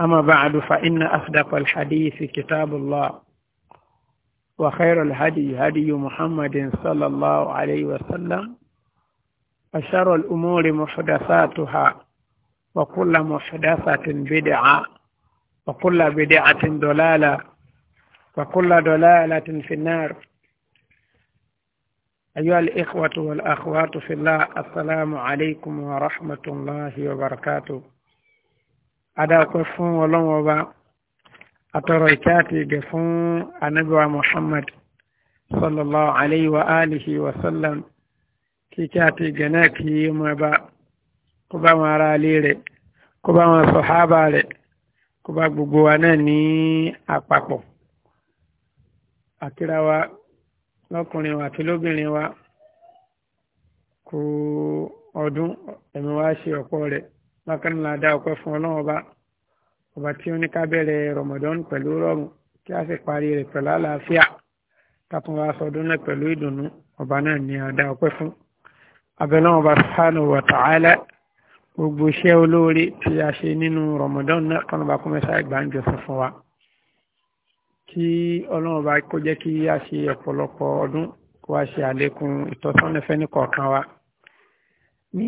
أما بعد فإن أصدق الحديث كتاب الله وخير الهدي هدي محمد صلى الله عليه وسلم وشر الأمور محدثاتها وكل محدثة بدعة وكل بدعة ضلالة وكل ضلالة في النار أيها الإخوة والأخوات في الله السلام عليكم ورحمة الله وبركاته adáàpẹ́ fún ọlọ́run ọba àtọrọ ìkẹ́ àti ìgẹ̀ fún anábíwá muhammad sallallahu alayhi wa alihi wa sallam kí ìkẹ́ àti ìgẹ̀ náà kí ọmọ ẹba kó bá wọn ará ilé rẹ̀ kó bá wọn sọ̀hábà rẹ̀ kó bá gbogbo wa náà ní àpapọ̀ àkírá wa lọ́kùnrin wa àti lóbìnrin wa kó ọdún ẹ̀mí wa ṣe ọ̀pọ̀ rẹ̀ bákan náà dáa fún ọlọ́run ọba ọba tí ó ní ká bẹ̀rẹ̀ Ramadan pẹ̀lú rọrùn kí a sì parí rẹ̀ pẹ̀lú àlàáfíà kátó wá sọdún náà pẹ̀lú ìdùnnú ọba náà ni a dá ọpẹ́ fún abẹ́lẹ́ ọba subhanahu wa ta'ala gbogbo iṣẹ́ olóore tí a ṣe nínú Ramadan náà kọ́nà bá kọ́ mẹ́sà ìgbàǹjọ sọ fún wa kí ọlọ́run bá kó jẹ́ kí a ṣe ọ̀pọ̀lọpọ̀ ọdún kó a ṣe àlékún ìtọ́sọ́nà fẹ́ni kọ̀ọ̀kan wa ní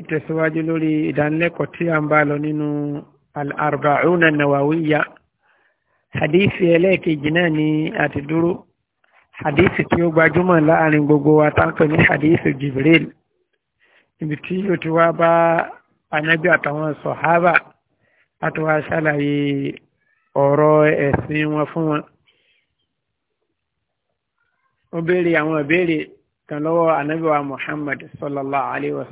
ìtẹ̀síwájú lórí ìdánilẹ́kọ̀ọ́ tí a ń bá lọ nínú الأربعون النووية حديث إليك جناني أتدرو حديث تيوبا جمع لا أن بقوة حديث جبريل ibi tí yóò ti wá bá anábì àtàwọn sọ̀hábà láti wá ṣàlàyé ọ̀rọ̀ ẹ̀sìn wọn fún wọn. ó béèrè àwọn ìbéèrè kan lọ́wọ́ anábì wa muhammad sallallahu alayhi wa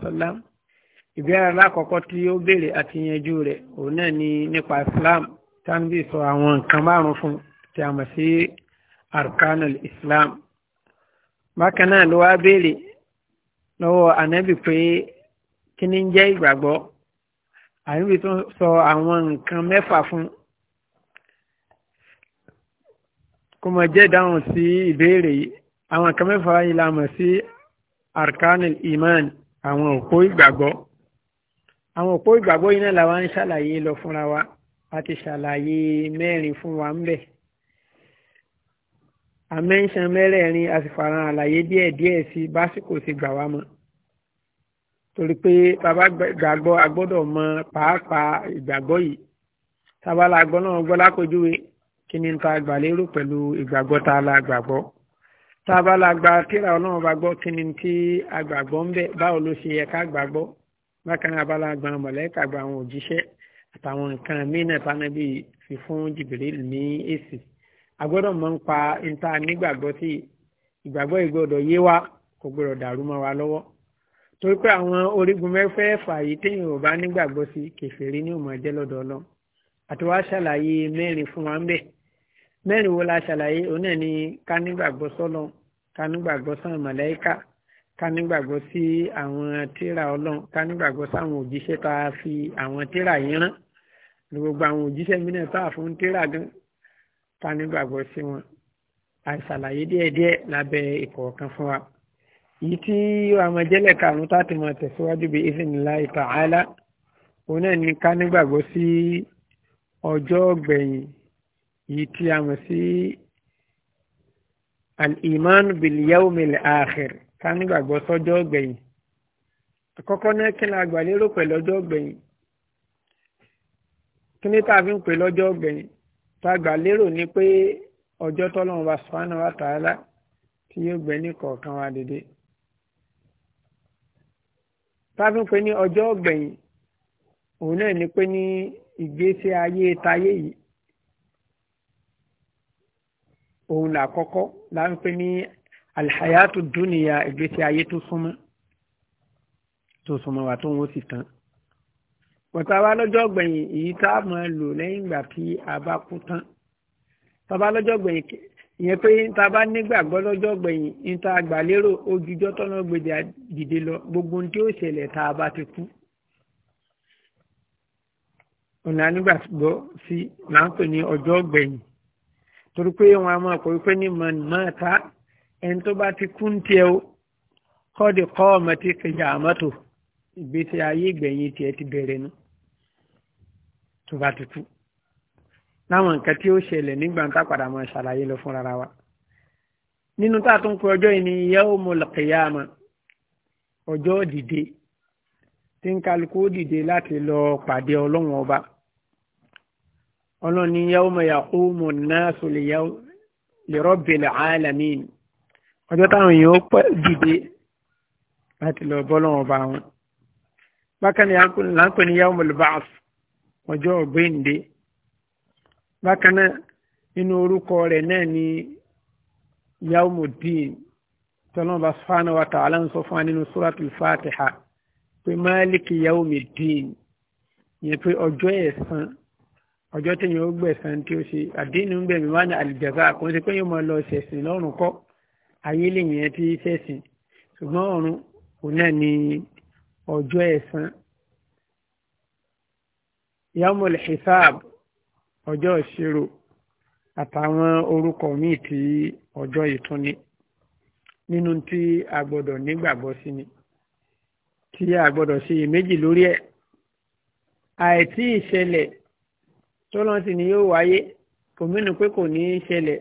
ìbéèrè alákọ̀ọ́kọ́ tí ó béèrè àti yanjú rẹ̀ òun náà ni nípa Islam tanbi sọ àwọn nǹkan márùn fún tí a mọ̀ sí arkanul Islam bákan náà ló wá béèrè lọ́wọ́ ànábì pé kí ni ń jẹ́ ìgbàgbọ́ ànábì tó sọ àwọn nǹkan mẹ́fà fún kó mọ̀ jẹ́ ìdáhùn sí ìbéèrè yìí àwọn nǹkan mẹ́fà yìí la mọ̀ sí arkanul iman àwọn òpó ìgbàgbọ́ àwọn òpó ìgbàgbọ́ yìí náà làwa ń ṣàlàyé lọ fúnra wa a ti ṣàlàyé mẹ́rin fún wa ń bẹ̀. àmẹ́ńṣán mẹ́rẹ̀ẹ̀rin a sì fara àlàyé díẹ̀díẹ̀ sí básìkò ti gbà wá mọ́ torí pé bàbá gbàgbọ́ a gbọ́dọ̀ mọ pàápàá ìgbàgbọ́ yìí tábàlà gbọ́ náà gbọ́ lápèjúwe kí ni ta gbà lérò pẹ̀lú ìgbàgbọ́ ta la gbàgbọ́ tábàlà gba kíra ọlọ́run bá gbọ́ kí ni tí a ń bẹ̀ báwo ló ṣe yẹ ká gbàgbọ́ bákan náà abala gba mọ̀lẹ́kà gba àwọn òjíṣẹ́ àtàwọn nǹkan míì náà tánábì fi fún jìbìrìlì ní èsì agbọ́dọ̀ mọ̀ ń pa níta nígbàgbọ́ tí ìgbàgbọ́ ìgbọ́dọ̀ yé wa kò gbọ́dọ̀ dàrú mọ́ wa lọ́wọ́ torí pé àwọn orígun mẹ́fẹ̀ẹ̀fà yìí téèyàn ò bá nígbàgbọ́ sí kèfèrí ní òmò ẹ̀jẹ̀ lọ́dọ̀ ọlọ́ àti wá ṣàlàyé mẹ́rin fún wa ń bẹ̀ mẹ́rin wo la ṣàlàyé òun náà ni ká nígbàgbọ́ sọ́lọ́ ká nígbàgbọ́ sàn màláíkà ká nígbàgbọ́ sí àwọn tírà ọlọ́run ká nígbàgbọ́ sáwọn òjíṣẹ́ tá a fi àwọn tírà yẹn rán gbogbo àwọn òjíṣẹ́ mìíràn tá a fún tírà gan ká nígbàgbọ́ sí wọn àìsàlàyé díẹ̀díẹ̀ lábẹ́ ìkọ̀ọ̀kan fún wa yìí tí àwọn jẹ́lẹ̀ karùn-ún tá máa tẹ̀síwájú bí iznillahi ta'ala òun náà ní ká nígbàgbọ́ sí ọjọ́ ọ̀gbẹ̀yìn yìí tí a mọ̀ sí al-iman bil yawmil akhir ká nígbàgbọ́ sọ́jọ́ ọ̀gbẹ̀yìn àkọ́kọ́ náà kí ni àgbàlérò pẹ̀lú ọjọ́ ọ̀gbẹ̀yìn kí ni tá fi pè lọ́jọ́ ọ̀gbẹ̀yìn tá ni pé ọjọ́ tọ́lọ́run bá tí yóò gbẹ ní kọ̀ọ̀kan wa pè ní ọjọ́ ọ̀gbẹ̀yìn òun náà ni pé ní ìgbésí alhayatu duniya ìgbésí ayé tó súnmọ́ tó súnmọ́ wa tó ń wó sì tán pẹ̀tà wa lọ́jọ́ gbẹ̀yìn èyí tá a máa lò lẹ́yìn ìgbà tí a bá kú tán tàbá lọ́jọ́ gbẹ̀yìn ìyẹn pé tá a bá nígbàgbọ́ lọ́jọ́ gbẹ̀yìn ní ta gbàlérò ojújọ́ tọ́nà gbèdè dìde lọ gbogbo ohun tí ṣẹlẹ̀ tá a bá ti kú ọ̀nà nígbàgbọ́ sí là ń pè ní ọjọ́ gbẹ̀yìn torí pé wọn a máa kọ̀ wípé ní mọ̀ọ́ta ẹni tó bá ti kún tiẹ̀ o kọ́ọ̀dì kọ́ ọmọ tí kejì àmọ́tò ìgbésí ayé ìgbẹ̀yìn tiẹ̀ ti bẹ̀rẹ̀ nu tó bá ti kú láwọn nǹkan tí ó ṣẹlẹ̀ nígbà tá padà máa ṣàlàyé lọ fún rárá wa nínú tá a tún pe ọjọ́ yìí ni yawmul qiyama ọjọ́ dìde tí ń kálukú dìde láti lọ pàdé ọlọ́run ọba ọlọ́run ni yawma yaqumu nnasu li rabbil alamin ọjọ́ táwọn èèyàn ó pẹ́ dìde láti lọ bọ́ lọ́wọ́ bá wọn. bákan ni à ń pè ní yaumul ba'th ọjọ́ ọ̀gbẹ́ǹde bákan náà nínú orúkọ rẹ̀ náà ni yaumuddin tọ́lọ́mù bá subhanahu wa ta'ala ń sọ fún wa nínú suratul fatiha pé máàlìkì yaumiddin yẹn pé ọjọ́ ẹ̀san ọjọ́ tẹ̀yìn ó gbẹ̀san tí ó ṣe àdéhùn gbẹ̀mí wá ní àlìjàzá kò pé yóò máa lọ ṣẹ̀sìn lọ́rùn kọ́ ayé lèyìn ẹ ti ṣẹ̀sìn ṣùgbọ́n ọ̀run òun náà ni ọjọ́ ẹ̀san yamul hisab ọjọ́ ìṣirò àtàwọn orúkọ míì tí ọjọ́ ìtúni nínú tí a gbọ́dọ̀ nígbàgbọ́ sí ni tí a gbọ́dọ̀ ṣe iyèméjì lórí ẹ̀ àìtí ìṣẹ̀lẹ̀ tó lọ́n sì ni yóò wáyé kò mínú pé kò ní í ṣẹlẹ̀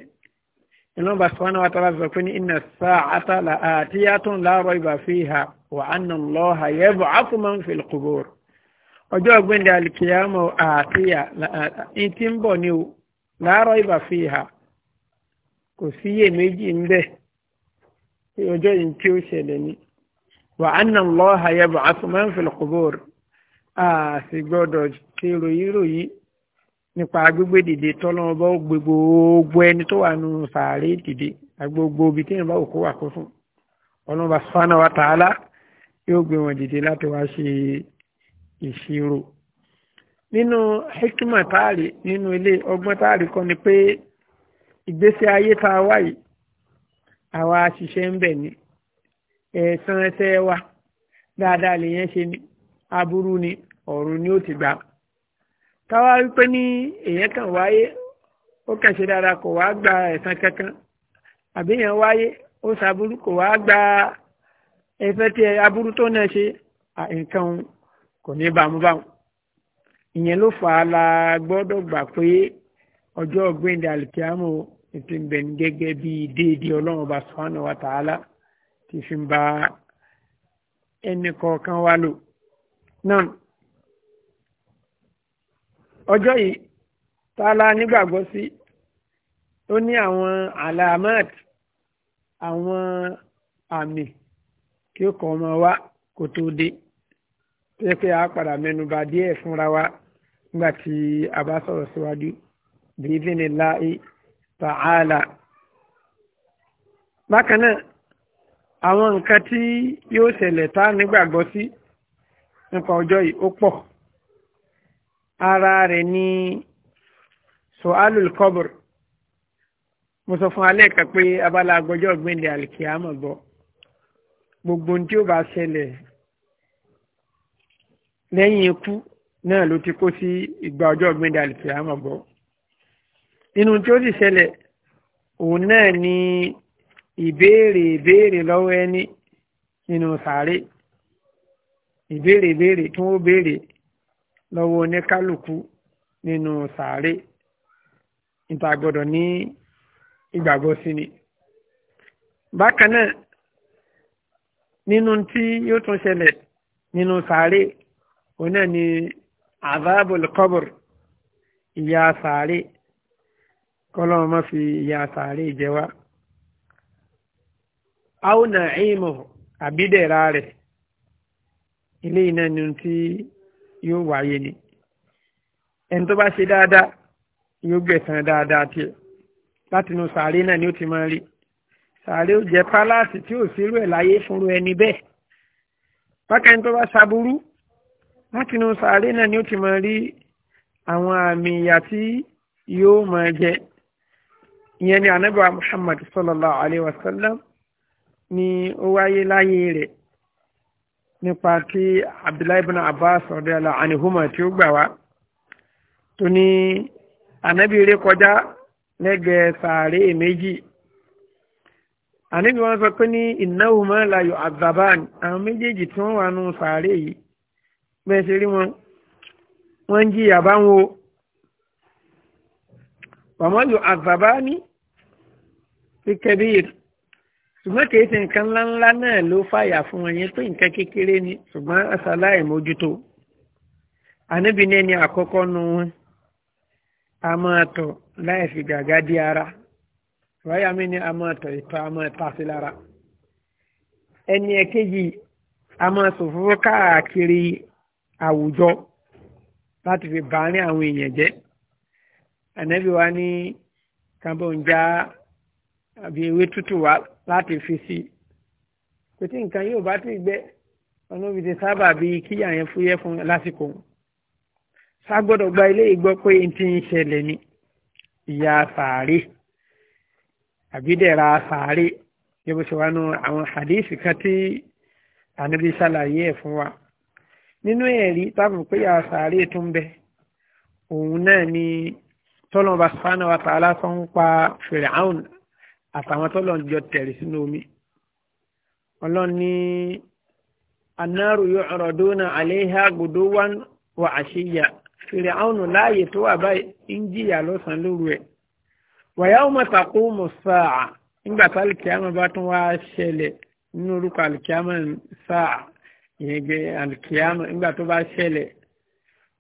ìlọ́nà bá sọ́nà wa tọ́lá sọ pé ní inna sa'ata la'atiyatun la rayba fiha wa anna Allaha yab'athu man fil qubur ọjọ́ ọ̀gbìndì alìkìyàmọ̀ àtìyà ìtì ń bọ̀ ní o la rayba fiha kò sí iye méjì ń bẹ ọjọ́ yìí tí ó ṣẹlẹ̀ ní wa anna Allaha yab'athu man fil qubur àti gbọ́dọ̀ ṣe ròyìnròyìn nípa gbígbé dìde tọ́lọ́wọ́ bá gbé gbogbo ẹni tó wà nù sàárè dìde agbogbo ibi tí ìyẹn bá òkú wà kó fún ọlọ́run bá sọ́nà wa tààlà yóò gbé wọn dìde láti wá ṣe ìṣirò nínú hikima táàrí nínú ilé ọgbọ́n táàrí kan ni pé ìgbésí ayé tá a wá yìí àwa ṣiṣẹ́ ń bẹ̀ ni ẹ̀san ẹsẹ̀ wa dáadáa lèyẹn ṣe ni aburú ni ọ̀run ni ó ti gbà á káwá wípé ní èèyàn kan wáyé ó kàn ṣe dáadáa kò wá gba ẹ̀san kankan àbí èèyàn wáyé ó ṣàbúrú kò wá gba ẹ̀san tí aburú tó náà ṣe nǹkan kò ní bámu bámu ìyẹn ló fà á la gbọ́dọ̀ gbà pé ọjọ́ ọ̀gbẹ́ndẹ̀ alikiamu ètò ìgbẹ̀ni gẹ́gẹ́ bí déédéé ọlọ́run ọba subhanahu wa ta'ala ti fi ń ba ẹnì kọ̀ọ̀kan wá lò náà ọjọ́ yìí tààlà nígbàgbọ́ sí ó ní àwọn alamat àwọn àmì kí ó kàn ọmọ wa kó tó dé tó yẹ pé a padà mẹ́nubà díẹ̀ fúnra wa nígbà tí a bá sọ̀rọ̀ síwájú bi'idhnillahi ta'ala. bákan náà àwọn nǹkan tí yóò ṣẹlẹ̀ tá nígbàgbọ́ sí nípa ọjọ́ yìí ó pọ̀ ara rẹ̀ ní sọ́álùl kọ́bùr mo sọ fún alẹ́ kan pé abala agbọjọ́ ọ̀gbìnlẹ̀ àlìkìyàmọ̀ bọ̀ gbogbo ohun tí ó bá ṣẹlẹ̀ lẹ́yìn ikú náà ló ti kó sí ìgbà ọjọ́ ọ̀gbìnlẹ̀ àlìkìyàmọ̀ bọ̀ nínú tí ó sì ṣẹlẹ̀ òun náà ni ìbéèrè ìbéèrè lọ́wọ́ ẹni nínú sàárè ìbéèrè ìbéèrè tí wọ́n béèrè lọ́wọ́ oníkálukú nínú sàárè níta gbọ́dọ̀ ní ìgbàgbọ́ sí ni. bákan náà nínú tí yóò tún ṣẹlẹ̀ nínú sàárè òun náà ni azabul qabr ìyà sàárè kọ́lọ́run má fi ìyà sàárè jẹ wá. aw na'imuhu àbídẹ̀ra rẹ̀ ilé iná nínú tí yóò wáyé ni ẹni tó bá ṣe dáadáa yóò gbẹ̀san dáadáa tiẹ̀ láti inú sàárè náà ni ó ti máa rí sàárè ó jẹ́ pálásì tí ò sírú ẹ̀ láyé fúnru ẹni bẹ́ẹ̀ bákan tó bá ṣaburú láti inú sàárè náà ni ó ti máa rí àwọn àmì ìyà tí yóò máa jẹ ìyẹn ni ànábì Muhammad sallallahu alayhi wa sallam ni ó wáyé láyé rẹ̀ nípa tí abdullahi ibn abbas radiyallahu anhuma tí ó gbà wá tó ní ànábì ré kọjá lẹ́gbẹ̀ẹ́ sàárè méjì ànábì wọn sọ pé ní innahuma la yu'adhaban àwọn méjèèjì tí wọ́n wà nù sàárè yìí bẹ́ẹ̀ ṣe rí wọn wọ́n ń jìyà báwọn o wa ma yu'adhabani fi kabir ṣùgbọ́n kì í ṣe nǹkan ńláńlá náà ló fàyà fún wọn yẹn nǹkan kékeré ni ṣùgbọ́n aṣáláì mójútó àníbi ní ẹni àkọ́kọ́ nu wọn a máa tọ̀ láì fi gàgá di ara wáyà mi ni a máa tọ̀ ìtọ̀ a máa ta sí lára ẹni ẹ̀kejì a máa ṣòfófó káàkiri àwùjọ láti fi bàárín àwọn èèyàn jẹ́ ànábì wa ní kábọ̀njá àbí ewé tútù wa láti fi sí kò tí nǹkan yóò bá ti gbẹ ọlọ́bi ti sábà bí kíyà yẹn fúyẹ́ fún lásìkò ságbọ́dọ̀ gba ilé ìgbọ́ pé n ti ń ṣẹlẹ̀ ni ìyá sàárè àbídẹ̀ra sàárè yẹ ṣe wá nu àwọn hadith kan tí ànábi ṣàlàyé ẹ̀ fún wa nínú ẹ̀rí táwọn pé ìyá sàárè tún bẹ òun náà ni tọ́lọ́mọba sùpánà wa tààlà ń pa Fir'aun àtàwọn tó lọ́n jọ tẹ̀rí sínú omi ọlọ́n ní anáàrù yu'raduna 'alayha guduwan wa 'ashiyya Fir'aunu láàyè tó wà báyìí ń jìyà lọ́sàn-án lóru ẹ̀ wa yawma taqumu as-sa'a nígbà tá alìkíyàmọ̀ bá tún wá ṣẹlẹ̀ nínú orúkọ alìkíyàmọ̀ sáà ìyẹn gbé alìkíyàmọ̀ nígbà tó bá ṣẹlẹ̀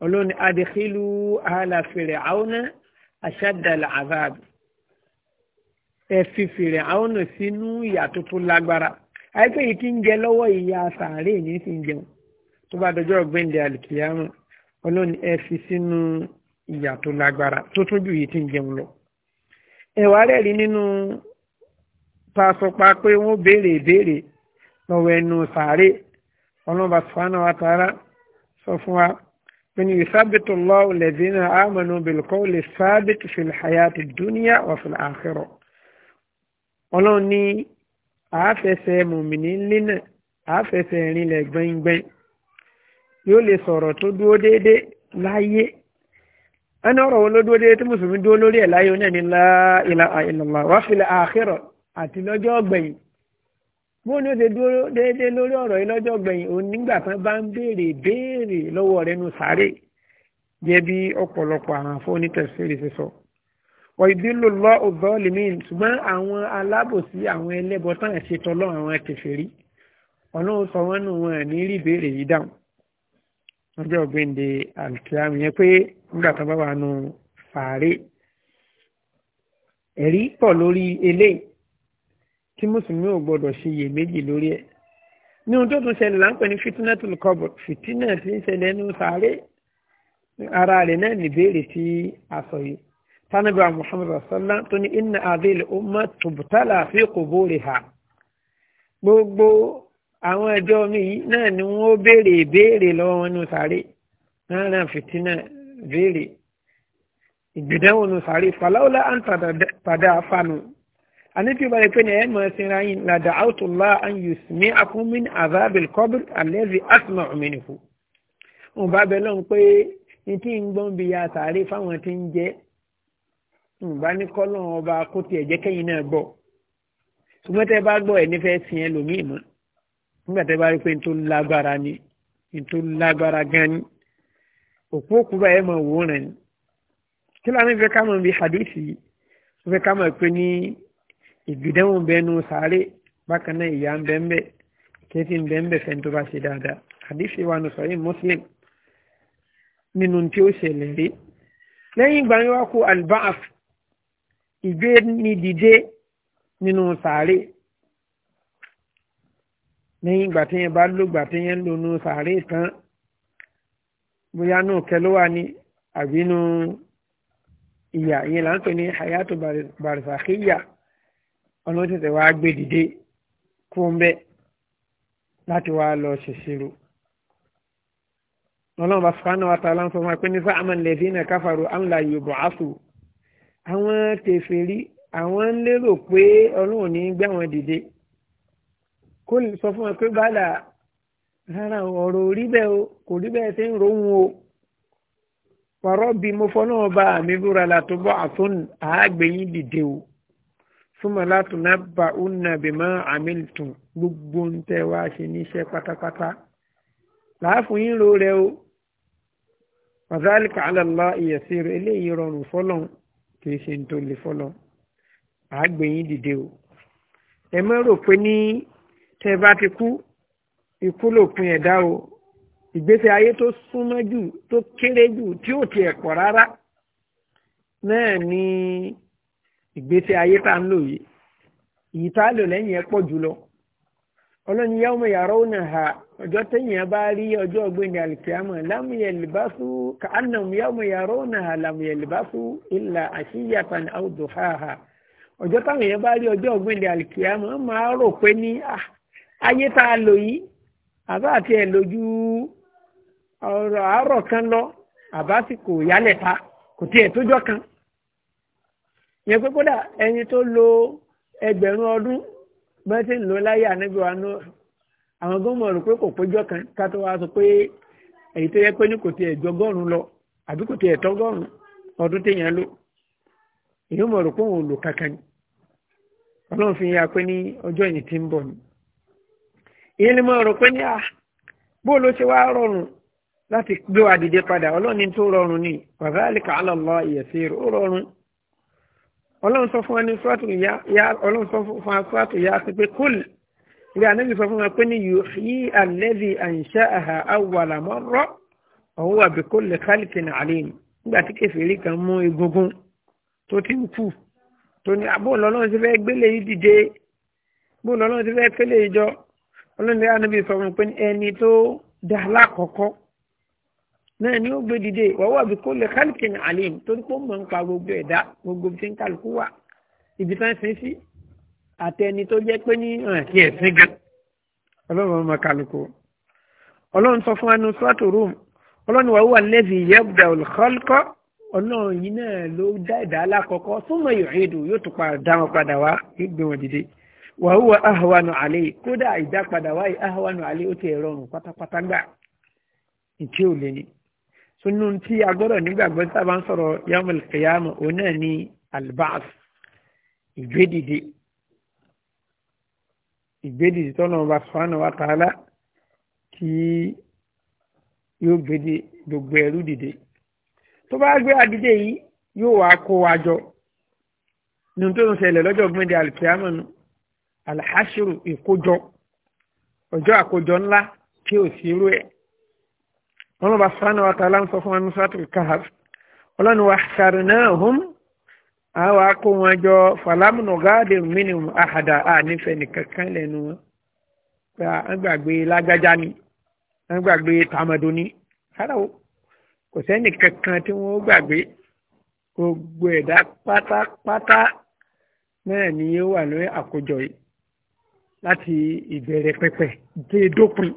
ọlọ́ni adkhilu ahla Fir'auna ashadda al-'adhab ẹ fífi rẹ̀ àwọn ọ̀nà sínú ìyà tó tó lágbára àìpé yìí ti ń jẹ lọ́wọ́ ìyà sàárè ní sì ń jẹun tó bá dọjọ́ ọ̀gbẹ́ndẹ̀ àlùkìyàmù ọlọ́ni ẹ fi sínú ìyà tó lágbára tó tún ju yìí ti ń jẹun lọ. ẹ̀wà rẹ̀ rí nínú pasọpa pé wọ́n béèrè ìbéèrè lọ́wọ́ ẹnu sàárè ọlọ́ba sùfàánà wa tààrà sọ fún wa pẹ̀lú ìsábìtì lọ́wọ́ lẹ́dínà àmọ́nù bìlkọ́ lè sábìtì ọlọ́run ní àáfẹsẹ̀ mùmìnì lẹ́nà àáfẹsẹ̀ rinlẹ̀ gbẹ̀ngbẹ̀ng yóò lè sọ̀rọ̀ tó dúró déédé láyé ẹni ọ̀rọ̀ wo ló dúró déédé tí mùsùlùmí dúró lórí ẹ̀ láyé oní la ilaha illallah wa fil akhirah àti lọ́jọ́ ọ̀gbẹ̀yìn bóun ni ó ṣe dúró déédé lórí ọ̀rọ̀ yìí lọ́jọ́ ọ̀gbẹ̀yìn òun nígbà tán bá ń béèrè béèrè lọ́wọ́ rẹ̀ nù sáré jẹ́ bí ọ̀pọ̀lọpọ̀ àwọn afọ́ onítẹ̀síìrì ṣe sọ. So wọ́n ìdílò lọ́ ọ̀dọ́ lèmín ṣùgbọ́n àwọn alábòsí àwọn ẹlẹ́bọ tán àti tọ́lọ́ àwọn kèfèrí ọlọ́run sọ wọ́n nù wọn ní rí ìbéèrè yìí dáhùn ọjọ́ gbẹ̀ǹde alkiam yẹn pé nígbà tó bá wà nù fàárẹ̀ ẹ̀rí pọ̀ lórí eléyìí tí mùsùlùmí ò gbọdọ̀ ṣe iyèméjì lórí ẹ̀ ní ohun tó tún ṣẹlẹ̀ láńpẹ́ ní fitinà tó lè kọ́bọ̀ fitinà tí ń ṣẹlẹ̀ nínú sàárẹ̀ ara rẹ̀ náà níbèrè tí a sọ yìí tánàbí wa muhammadu asálá tó ní inna adil umma tubtala fi quburiha gbogbo àwọn ẹjọ́ mi yìí náà ni wọ́n béèrè ìbéèrè lọ́wọ́ wọn nù sáré náà náà fìtínà béèrè ìgbìdánwò nù sáré fàlàwọ́lá à ń tàdá fanu àníbi ìbá rẹ̀ pé ní ẹ̀mọ́ ẹ̀sìnra yìí làdà àwùtòlá an yusmi'akum min azabil qabr allazi asma'u minhu. òun bá bẹ lọ́n pé ní tí ń gbọ́n bí ya sáré fáwọn tí ń jẹ́ nùbá ní kọ́lọ́n ọba kó tiẹ̀ jẹ́ kẹ́yìn náà gbọ́ ṣùgbọ́n tẹ́ bá gbọ́ ẹ̀ nífẹ̀ẹ́ sìn ẹ́ lòmíì mọ́ nígbà tẹ́ bá rí pé n lágbára ni n lágbára gan ni òkú òkú báyẹn mọ̀ wò rẹ̀ ni kí lóun fẹ́ ká mọ̀ bí hadithi wọ́n fẹ́ ká mọ̀ pé ní ìgbìdẹ́wọ̀n bẹnu sáré bákan náà ìyá ń bẹ́ńbẹ́ kéèfì ń bẹ́ńbẹ́ fẹ́ tó bá ṣe dáadáa hadithi wa nù sọ̀rọ̀ muslim nínú tí ó ṣẹlẹ̀ rí lẹ́yìn ìgbà yẹn wá kó alba'af ìgbé ni dìde nínú sàárè lẹ́yìn ìgbà tí yẹn bá lògbà tí yẹn ń lò nínú sàárè tán bóyá náà kẹ ló wà ní àbínú ìyà ìyẹn là ń pè ní hayatu barisakhiya ọ̀nà tètè wá gbé dìde kú ń bẹ́ láti wá lọ ṣèṣirò ọlọ́run bá sùpánà wa ta láǹfọ̀mọ́ pé ní sáà àmàlẹ́dínà káfàrú àmlà yorùbá àṣù àwọn kèfèrí àwọn ń lérò pé ọlọ́run ní gbé àwọn dìde kó lè sọ fún wọn pé bàálà rárá ọ̀rọ̀ orí bẹ́ẹ̀ o kò rí bẹ́ẹ̀ tí ń rohun o pọ̀rọ̀ bí mo fọ́ náà bá àmì búra látó bọ́ àtún àágbẹ̀yìn dìde o súnmọ́ látún náà bá òun náà àmì tún gbogbo ń tẹ́ wá ṣe níṣẹ́ pátápátá láàfún yín ro rẹ o wàzálìkà alàlá ìyẹ̀sí rẹ eléyìí rọrùn fọlọ́run kì í ṣe ní tó lè fọlọ àgbẹ̀yìn dìde o ẹ má rò pé ní tẹ bá ti kú ikú lòpin ẹ̀dá o ìgbésẹ̀ ayé tó súnmọ́ jù tó kéré jù tí ò tiẹ̀ pọ̀ rárá náà ni ìgbésẹ̀ ayé tá ń lò yìí ìyí tá a lò lẹ́yìn ẹ̀ pọ̀ jùlọ ọlọ́ni yawma yarawnaha ọjọ́ tẹ́yìn bá rí ọjọ́ ọgbẹ́ni alikiyama lam yalbasu ka'annahum yawma yarawnaha lam yalbasu illa ashiyatan aw duhaha ọjọ́ táwọn èèyàn bá rí ọjọ́ ọgbẹ́ni alikiyama máa rò pé ní ah, ayé tá a lò yìí àbá àti ẹ̀ lójú ọ̀rọ̀ àárọ̀ kan lọ àbá sì kò yálẹ̀ ta kò tiẹ̀ tójọ́ kan yẹn pé kódà ẹni tó lo ẹgbẹ̀rún ọdún bẹ́ẹ̀ tí ń lọ láyé ànábì wa nú àwọn gómìnà rò pé kò péjọ kan ká tó wá sọ pé èyí tó yẹ pé ní lọ àbí kò tiẹ̀ tọ́gọ́rùn ọdún téèyàn lò èyí mọ̀ rò pé òun lò kankan ọlọ́run fi pé ní ọjọ́ yìí ti ń bọ̀ ni èyí ni mo rò pé ní à bó ló ṣe wá rọrùn láti gbé wa dìde padà ni ala ọlọ́run sọ fún wa ní sọ́ọ̀tù ya ọlọ́run sọ fún wa sọ́ọ̀tù ya sí pé kúl ilé anábì sọ fún wa pé ní yìí alẹ́bí àyìnṣẹ́ àhà awàlámọ́rọ́ ọ̀hún wà bí kúl kálíkì ní àlẹ́yìn nígbà tí kẹfìrí kan mú egungun tó ti ń kú tó ní abóòlù ọlọ́run ti fẹ́ gbélé yìí dìde bóòlù ọlọ́run ti fẹ́ kélé ìjọ ọlọ́run ilé anábì sọ fún wa pé ẹni tó dá lákọ̀ọ́kọ́ náà ni ó gbé dìde wọ́wọ́ bí kò lè kálíkìn alim torí pé ó mọ̀ nípa gbogbo ẹ̀dá gbogbo tí ń kálukú wà ibi tá ń sin sí àtẹni tó jẹ́ pé ní hàn sí ẹ̀sìn gan ọlọ́run ọmọ kálukú ọlọ́run sọ fún anu sọ́tò rúm ọlọ́run wà wà lẹ́sìn yẹ́bùdà olùkọ́lùkọ́ ọlọ́run yìí náà ló dá ẹ̀dá alákọ̀ọ́kọ́ súnmọ́ yòóhìndù yóò tún dá wọn padà wá gbé dìde wà wúwo ahawanu kódà ìdápadà wáyé ahawanu àlè ó ti rọrùn pátápátá gbà ìtí ò lé ní sunu tí a gbọ́dọ̀ nígbàgbọ́ tá a bá ń sọ̀rọ̀ yawmul qiyamah òun náà ní alba'as ìgbédìde ìgbédìde tọ́nà ọba subhanahu wa ta'ala tí yóò gbédè gbogbo ẹrú dìde tó bá gbé adìde yìí yóò wá kó wa jọ nínú tó ń ṣẹlẹ̀ lọ́jọ́ gbẹ̀dẹ̀ alkiyama nù alhashiru ìkójọ ọjọ́ àkójọ ńlá tí ò sí irú ẹ̀ wọn bá sánà wa tààlà ń sọ fún wa ní sátìrì káhàf ọlọ́ni wa sarnahum àwọn akó wọn jọ falamuno garden minimum ahada a nífẹ̀ẹ́ nìkankan lẹ́nu wọn gba gbàgbé lágbájá ni wọn gbàgbé tàmàdó ni rárá o kò sẹ́ni kankan tí wọ́n gbàgbé gbogbo ẹ̀dá pátápátá náà ni yóò wà lórí àkójọ yìí láti ìbẹ̀rẹ̀ pẹ̀pẹ̀ dé dópin.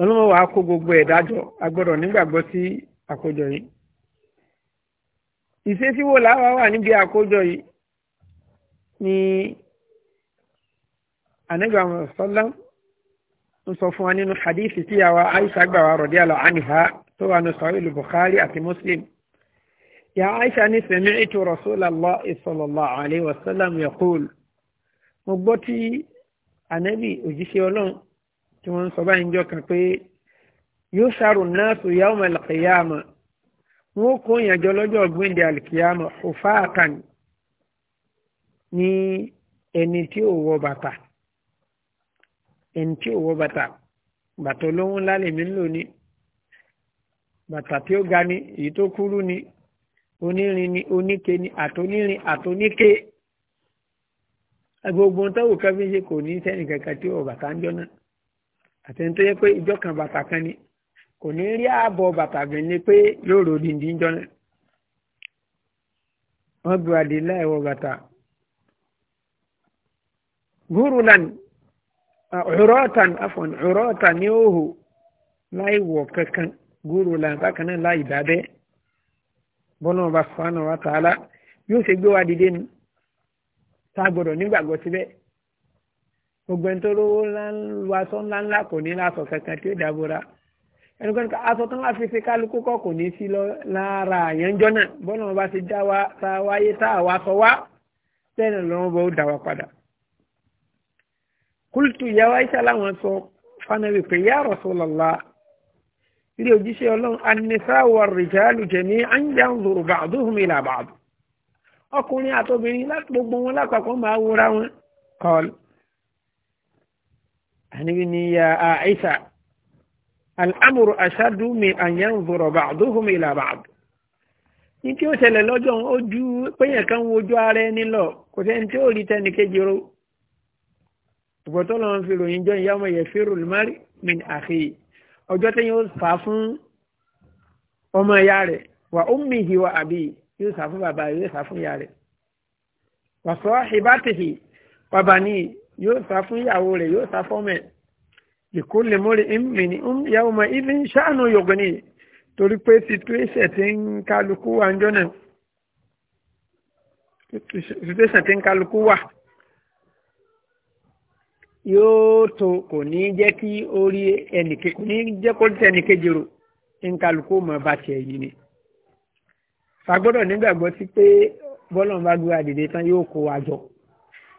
ọlọ́run wàá kó gbogbo ẹ̀dájọ́ agbọ́dọ̀ nígbàgbọ́ sí àkójọ yìí ìṣesí wo làwa wà níbi àkójọ yìí ni anagba sọlá ń sọ fún wa nínú hadith tí àwa aisha gbà wá radiyallahu anha tó wà ní sahih bukhari àti muslim ya aisha ní sami'tu rasulallah sallallahu alayhi wa sallam yaqul mo gbọ́ tí anabi òjíṣẹ́ ọlọ́run tí wọ́n ń sọ báyìí jọ kan pé yóò ṣàrò náà tó yá ọmọ àlùkìyàmà wọn ó kó ìyànjọ lọ́jọ́ ọ̀gbìndì àlùkìyàmà òfà àkàn ní ẹni tí ò wọ bàtà ẹni tí ò wọ bàtà bàtà olóhùn lálẹ́ mi ń lò ní bàtà tí ó ga ni èyí tó kúrú ni onírin ni oníke ni àtonírin àtoníke gbogbo ohun tó wù ká kò ní sẹ́nìkankan tí ò bàtà ń jọ náà. àtẹni tó yẹ pé ìjọ kan bàtà kan ni kò ní rí ààbọ̀ bàtà gan ni pé yóò rò dìndín jọ náà wọ́n bí wàdí láìwọ̀ bàtà gúrúlan ọ̀rọ̀ọ̀tàn afọ̀n ọ̀rọ̀ọ̀tàn ní òhù láìwọ̀ kankan gúrúlan bákan náà láì dábẹ́ bọ́lá ọba sọ́nà wa tààlà yóò ṣe gbé wa dìde nu tá a gbọ́dọ̀ nígbàgbọ́ síbẹ̀. gbogbo ẹni tó lówó ńlá aṣọ ńlá ńlá kò ní láṣọ kankan tí ó dábòra ẹni kan ká aṣọ tó ńlá fi ṣe kálukú kọ kò ní sí lára àyànjọ náà bọ́lá wọn bá ti dá wa ta wáyé tá àwa sọ wá bẹ́ẹ̀ lọ́wọ́ bọ́ ó dá wa padà. kúlùtù ìyàwó aisha láwọn sọ fanabi pé ya Rasulullah ilé òjíṣẹ́ ọlọ́run an-nisa war-rijalu jami'an yanzuru ba'duhum ila ba'd ọkùnrin àtobìnrin gbogbo wọn lápapọ̀ máa wúra wọn kọ́ọ̀lù anabi ni ya aisha al'amuru ashadu mi an yanzuru ba'duhum ila ba'd ní tí ó ṣẹlẹ̀ lọ́jọ́ ojú péyàn kan wojú ara ẹni lọ kò sẹ́ni tí ó rí tẹ́ni kejì ro ìbọ̀tọ́ lọ́n fi ròyìn jọ ìyá ọmọ yẹ̀fẹ́ rùlùmárì min akhi ọjọ́ tẹ́yìn ó fà fún ọmọ ìyá rẹ̀ wa ummihi wa abi yóò sà fún bàbá yóò sà fún ìyá rẹ̀ wa sahibatihi wa bani yóò sá fún ìyàwó rẹ̀ yóò sá fọ́mẹ̀ ìkólè mọ́rẹ̀ ìmìnì ìyàwó mọ́ ibi ṣáànù yọ̀gbọ́n ni torí pé situation ti ń kálukú wa ńjọ́ náà situation ti ń kálukú wà yóò tó kò ní jẹ́ kí orí ẹnìkejì kò ní jẹ́ kó tẹ ẹnìkejì rò ń kálukú mọ́ bá tiẹ̀ yìí ni fagbọ́dọ̀ nígbàgbọ́ sí pé bọ́lọ̀ ń bá gbé àdìdẹ tán yóò kó wa jọ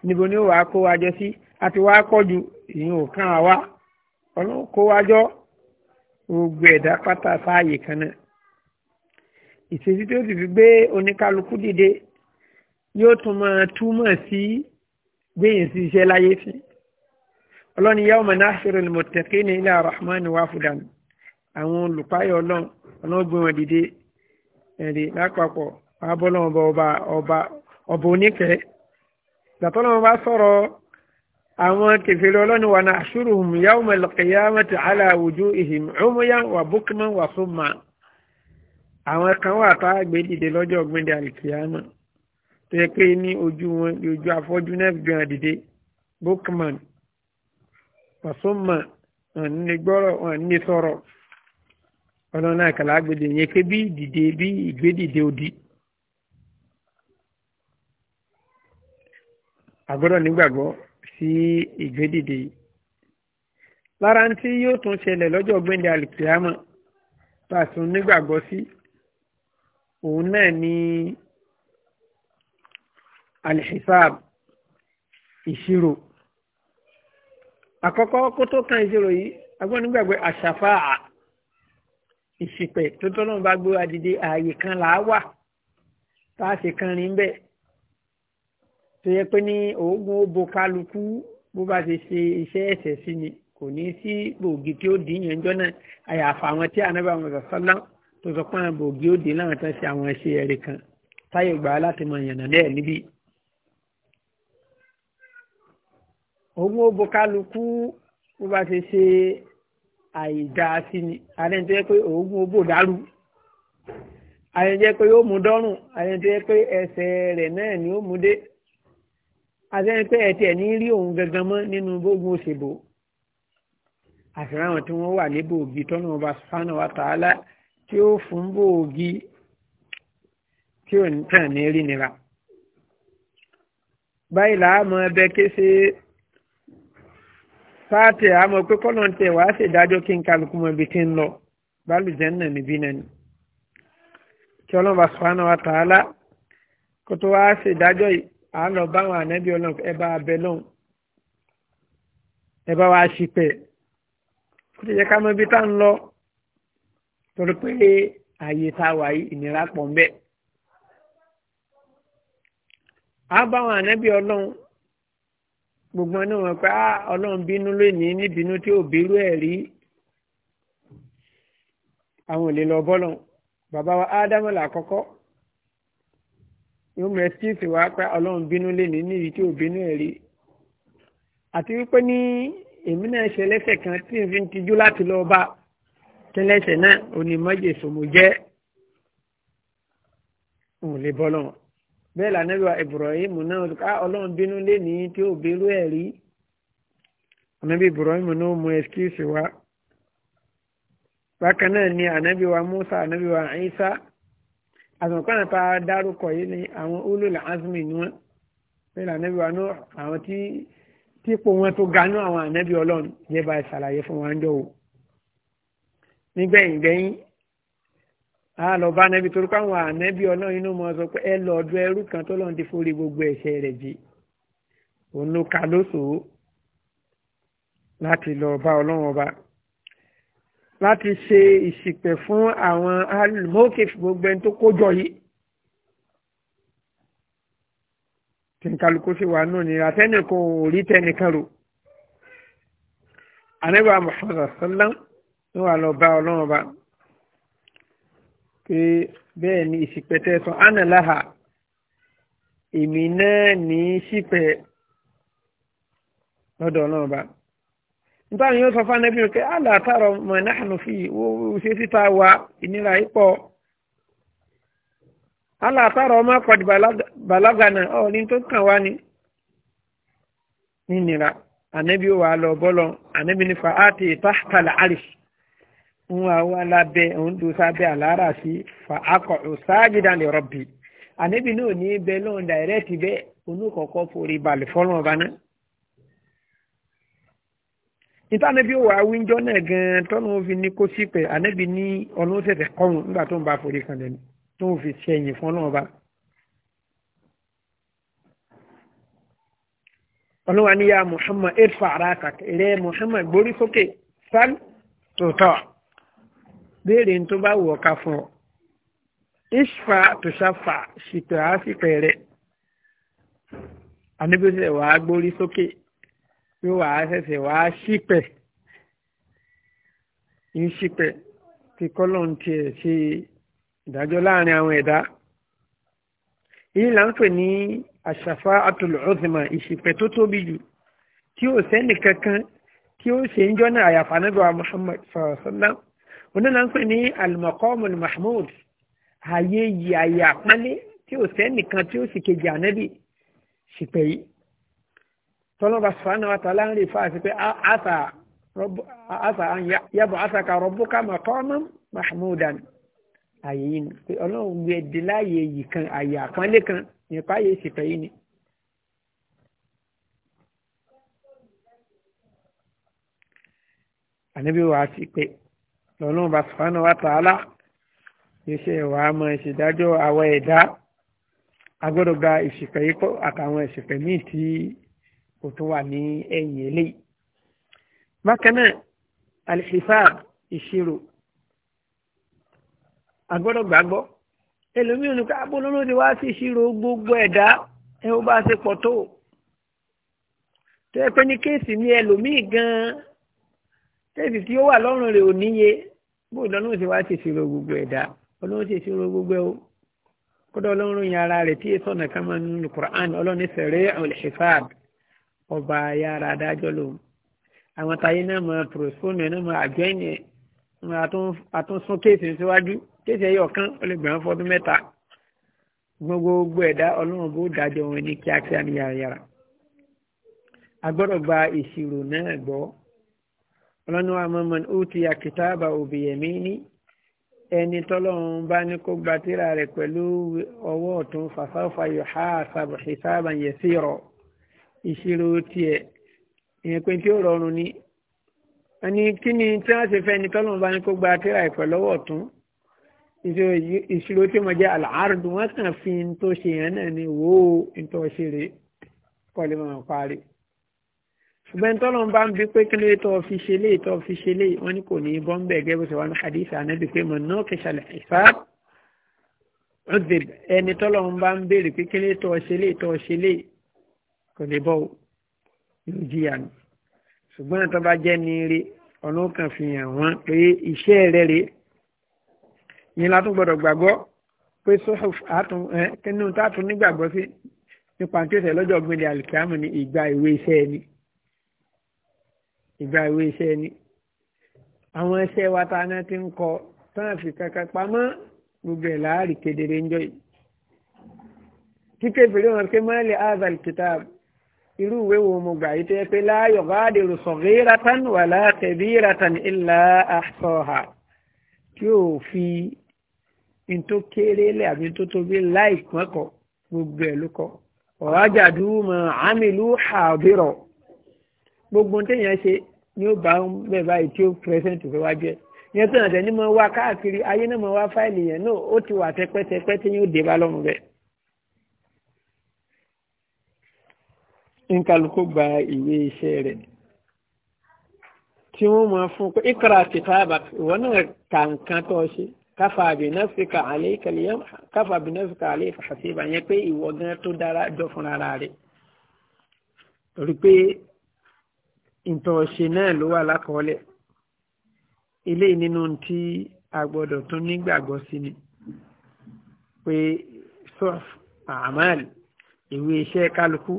níbo ni ó wàá kó wa jọ sí àti wàá kọjú ìyẹn ò kàn wá ọlọ́run kó wa jọ gbogbo ẹ̀dá pátá sáàyè kan náà ìṣesí tó sì fi gbé oníkálukú dìde yóò tún máa túmọ̀ sí gbẹ̀yìn sí iṣẹ́ láyé sí ọlọ́ni yawma nahshurul muttaqina ila rahmani wafudan àwọn olùpáyọ̀ ọlọ́run ọlọ́run gbé wọn dìde ẹ̀rí lápapọ̀ abọ́lọ́wọ́n ọba ọba ọba oníkẹ́ẹ́ gbàtọ́ lọ́wọ́ bá sọ̀rọ̀ àwọn kẹfẹ́rẹ́ ọlọ́ni wa nahshuruhum yawmal qiyamati ala wujuhihim umyan wa bukman wa summa àwọn kan wà tá a gbé dìde lọ́jọ́ ọ̀gbìndẹ̀ àlìkìyàmà tó yẹ pé ní ojú wọn ojú afọ́jú náà gbé dìde bukman wa summa wọn ní gbọ́rọ̀ wọn ní sọ̀rọ̀ ọlọ́run náà kàlá gbèdè yẹn ké bí ìdìde bí ìgbédìde òdì. àgbọ́dọ̀ nígbàgbọ́ sí ìgbédìde lára ń tí yóò tún ṣẹlẹ̀ lọ́jọ́ gbẹ̀ndẹ̀ alìkìyàmọ̀ bá tún nígbàgbọ́ sí òun náà ní alìṣìṣàb ìṣirò àkọ́kọ́ kó tó kan ìṣirò yìí agbọ́n nígbàgbé àṣàfáà ìṣìpẹ̀ tó tọ́lọ́run bá gbé wa ààyè kan làá wà tá a ṣe kan rí ń bẹ́ẹ̀ tó yẹ pé ní oògùn ó bo kálukú bó bá ti ṣe iṣẹ́ ẹ̀sẹ̀ sí ni kò ní sí gbòógì tí ó dì í yànjọ́ náà àyàfà àwọn tí ànábà wọn sọ sọ́lá tó sọ pé gbòógì ó dì í láwọn tó ṣe àwọn iṣẹ́ ẹ̀rẹ̀ kan táyọ̀ gbà á láti mọ ìyànnà náà níbí. oògùn ó bo kálukú bó bá ti ṣe àìdáa sí ni àrẹ tó yẹ pé oògùn ó dárú àrẹ pé yóò mú dọ́rùn àrẹ pé ẹsẹ̀ rẹ̀ náà ni ó mú dé àtẹ́ni pé ẹ̀tì ẹ̀ ní rí òun gangan mọ́ nínú gbógun òṣèbò àfihàn tí wọ́n wà ní bòògì tọ́nà ọba sùfánà wa tààlà tí ó fún bòògì tí ò ní tàn ní rí nira báyìí làámọ ẹbẹ kése sáàtì àmọ́ pé kọ́nà ń tẹ̀ wàá ṣèdájọ́ kí n kálukú mọ ibi tí ń lọ bálùjẹ́ náà níbí náà ni kí ọlọ́ba sùfánà wa tààlà kó tó wàá ṣèdájọ́ yìí à ń lọ bá àwọn ànábì ọlọ́run ẹ bá abẹ lọ́hùn ẹ bá wa ṣìpẹ̀ ó ti yẹ ká mọ ibi tá ń lọ torí pé ààyè tá a wà yìí ìnira pọ̀ ń bẹ. a bá àwọn ànábì ọlọ́run gbogbo náà wọn pé ah, ọlọ́run bínú lónìí níbínú tí ò bírú ẹ̀ rí àwọn ò lè lọ bọ́lọ̀ bàbá wa ádámọ̀lá àkọ́kọ́ yóò mú ẹsíkìsì wá pé ọlọ́run bínú lè ní níbi tí ò bínú ẹ̀ rí àti wípé ní èmi náà ṣe lẹ́sẹ̀ kan tí n fi ń tijú láti lọ bá tẹ́lẹ̀ṣẹ̀ náà onímọ̀jẹ̀ sòmù jẹ́ òun lè bọ́ bẹ́ẹ̀ lànàbíwá Ibrahim náà ká ah, ọlọ́run bínú lè ní tí ò bínú ẹ̀ rí ànábì Ibrahim náà mú ẹsíkìsì wá bákan náà ni ànábì wa Musa ànábì wa Isa àtọ̀kọ́nà tá a dárúkọ yìí ni àwọn olùlà azmi ni wọ́n nílà ànábì wa náà àwọn tí típò wọn tó ga náà àwọn ànábì ọlọ́run jẹ́ bá ṣàlàyé fún wa ń jọ o nígbẹ̀yìn gbẹ̀yìn a lọ bá ànábì torí pé àwọn ànábì ọlọ́run inú mọ́ sọ pé ẹ lọ ọdún ẹrú kan tó lọ́n ti forí gbogbo ẹ̀ṣẹ̀ rẹ̀ jì òun ló ka lóṣòó láti lọ bá ọlọ́run ọba láti ṣe ìṣìpẹ̀ fún àwọn alimokif gbogbo ẹni tó kójọ yìí tí kálukú sí wa náà nira tẹ́nìkan ò rí tẹ́nìkan rò anábà Muhammad sallam ló wà lọ bá ọlọ́run ọba pé bẹ́ẹ̀ ni ìṣìpẹ̀ tẹ́sán ánàláhà èmi náà ní ṣìpẹ̀ lọ́dọ̀ ọlọ́run ọba nítawọn yóò sọ fún anabi rẹ pé aláàtàrọ mọ náhànú fi wo ṣe síta wa ìnira yìí pọ̀ aláàtàrọ ọmọ akọdì balagana ọ ní tó kàn wá ni nínira anabi wà lọ bọlọ anabi nífa àti tahtal arish ń wá wá lábẹ́ òun dùn sábẹ́ àlàárà sí fa akọ̀ sáájidan li rabbi anabi náà ní bẹ́ẹ̀ lọ́n dàrẹ́tì bẹ́ẹ̀ onú kọ̀ọ̀kan forí balẹ̀ fọ́lọ́n ọba náà ìtànẹ́bí wà wíńjọ́ náà gan-an tọ́nà òfin ní kó sípẹ̀ ànẹ́bí ní ọlọ́run tẹ̀tẹ̀ kọ́run nígbà tó ń bá forí kan lẹ́nu tó ń fi ṣe fún ọlọ́run ọlọ́wà ní ya Muhammad irfa arakak rẹ Muhammad gbórí sókè sal tòótọ́ béèrè tó bá wù ọ́ ká fún ọ. ishfa tòṣàfà ṣìpẹ̀ àásìpẹ̀ rẹ̀ ànẹ́bí wàá gbórí sókè tí wà á ṣẹ̀ṣẹ̀ wà á ṣìpẹ̀ ń ṣìpẹ̀ kí kọ́lọ́n tiẹ̀ ṣe ìdájọ́ láàrin àwọn ẹ̀dá èyí là ń pè ní àṣàfà àtòlùọ́sìmọ̀ ìṣìpẹ̀ tó tóbi jù tí ò sẹ́nì kankan tí ó ṣe ń jọ́nà àyàfà nígbà Muhammad sọ̀rọ̀sọ́lá oní là ń pè ní al mahmud ààyè yìí àyè àpọ́nlé tí ò sẹ́nì kan tí ó sì kejì ànábì ṣìpẹ̀ yìí tọ́lọ́ba subhanahu wa ta'ala ń rí fa àti pé àṣà àṣà yàbọ̀ àṣà kà rabbuka maqaman mahmudan àyè yìí ni pé ọlọ́run gbé ẹdí láàyè yìí kan àyè àpọ́nlé kan nípa àyè ìsìnkà yìí ni. ànábì wa ti pé lọ́lọ́run bá subhanahu wa iṣẹ́ wa máa ṣèdájọ́ àwọn ẹ̀dá agbọ́dọ̀ gba ìsìnkà yìí kọ́ àtàwọn ìsìnkà míì tí ó tún wà ní ẹ̀yìn eléyìí. bákan náà alifisab ìṣirò agbọ́dọ̀ gbàgbọ́ ẹlòmíràn ní káàbọ lọ́nà ti wá sí ìṣirò gbogbo ẹ̀dá ẹ ó bá ṣe pọ̀ tó tó yẹ pé ní kéèsì ní ẹlòmíì gan-an tẹ́sì tí ó wà lọ́rùn rẹ̀ ò níye bó ìdáná ti wá ṣe ìṣirò gbogbo ẹ̀dá ọlọ́run ṣe ìṣirò gbogbo ẹ̀ o kódà ọlọ́run yẹn ara rẹ̀ tí èso ọ̀nà kan máa ń lu Qur'an ọlọ́run ní sẹ̀rẹ̀ al ọba ayára adájọ́ lòun àwọn táyé náà mọ pòròfóònù ẹ̀ náà mọ àjọ ẹ̀yìn ẹ̀ àtúnṣún kéèsì síwájú kéèsì ẹ̀yọ̀ kan ó lè gbẹ̀rún fọdún mẹ́ta gbogbo ẹ̀dá ọlọ́run bó dájọ́ wọn ní kíákíá ní yàrá a gbọ́dọ̀ gba ìṣirò náà gbọ́ ọlọ́run wa mọ̀ mọ̀ ó ti àkìtàbà òbí ẹ̀mí ní ẹni tọ́lọ́run bá ní kó gba rẹ̀ pẹ̀lú ọwọ́ ọ̀tún fàfáfà yóò ìṣirò tiẹ̀ ìyẹn pé tí ó rọrùn ni ẹni kí ni tí wọ́n ṣe fẹ́ ni tọ́lọ́mù bá ní kó gba tíra ìpẹ́ lọ́wọ́ ọ̀tún ìṣirò tí mo jẹ́ àlàárùdù wọ́n kàn fi ń tó ṣe yẹn náà ni wò ó ń tó ṣe rè kọ́lé máa parí ṣùgbọ́n tọ́lọ́mù bá ń bí pé kí ló tó fi ṣe lé tó fi ṣe lé wọ́n ní kò ní bọ́m̀bẹ̀ gẹ́gẹ́ bó ẹni tọ́lọ́mù bá ń béèrè pé kí ló tó ṣe lé tó ṣe lé kò lè bọ́ yóò jìyà ni ṣùgbọ́n àtọ́ bá jẹ́ ní rí ọ̀nà kan fi hàn wọ́n pé iṣẹ́ rẹ̀ rèé yìí látún gbọ́dọ̀ gbàgbọ́ pé sọ́ọ̀f àtún ẹ kínú tààtún nígbàgbọ́ sí nípa tí ó ṣe lọ́jọ́ gbẹ̀dẹ̀ àlùkìyàmù ní ìgbà ìwé iṣẹ́ ẹni ìgbà ìwé iṣẹ́ ẹni àwọn iṣẹ́ wa ta náà ti ń kọ tán fi kankan pamọ́ gbogbo ẹ̀ láàrí kedere ń jọ yìí kíkẹ́ ìfèrè wọn pé mọ́lẹ̀ azal kitab irú ìwé wo mo gbà yìí tẹ́ pé láàyò bá dèrò saghiratan wala kabiratan illa ahsaha tí ò fi n tó kéré lẹ̀ àbí tó tóbi láì pọ́nkọ̀ gbogbo ẹ̀ ló kọ́ ọ̀rájàdú mọ̀ ámìlú àbírọ̀ gbogbo téèyàn ṣe ni ó bá ń bẹ̀ báyìí tí ó pẹ́sẹ̀ntì fẹ́ wá jẹ́ yẹn tó nàdẹ́ ni mo wá káàkiri ayé náà mo wá fáìlì yẹn náà ó ti wà tẹpẹtẹpẹ tí yóò dé bá lọ́rùn bẹ́ẹ̀. nkàlùkù gba ìwé iṣẹ́ rẹ̀ tí wọ́n máa fún pé ikra kitabak ìwọ náà ka nǹkan tó ṣe káfà àbínáfíkà alayka al-yawm káfà àbínáfíkà alayka hasiba yẹn pé ìwọ gan tó dára jọ fúnra ara rẹ̀ torí pé ìtọ̀ọ̀ṣe náà ló wà lákọọ́lẹ̀ ilé nínú tí a gbọ́dọ̀ tún nígbàgbọ́ sí ni pé sọ́ọ̀f àmàlì ìwé iṣẹ́ kálukú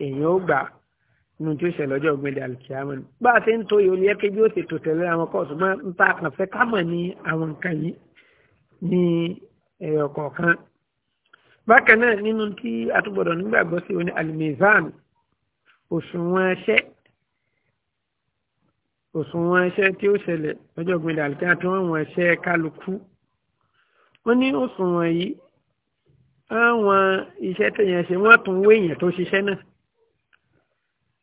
èyàn ó gbà nu tí ó ṣẹlẹ̀ ọjọ́ ògbẹ́dẹ alìkíyàmọ́ ni. bá a ṣe ń tó yìí olùyẹ kí bí ó ṣètò tẹ̀lé àwọn kóòtù mọ́ ń ta àkànfẹ́ kámọ̀ ní àwọn nǹkan yìí ní ẹ̀yọ̀ kọ̀ọ̀kan. bákan náà nínú tí a tún gbọ́dọ̀ nígbàgbọ́ sí oní alimizan òṣùwọ̀n ẹṣẹ́ tí ó ṣẹlẹ̀ ọjọ́ ògbẹ́dẹ alìkíyàmọ́ tí wọ́n wọ̀n ẹṣẹ́ kálukú. wọ́n ní òṣùwọ̀n yìí àwọn iṣẹ́ tẹ̀yàn ṣe wọ́n tún wé èèyàn tó ṣiṣẹ́ náà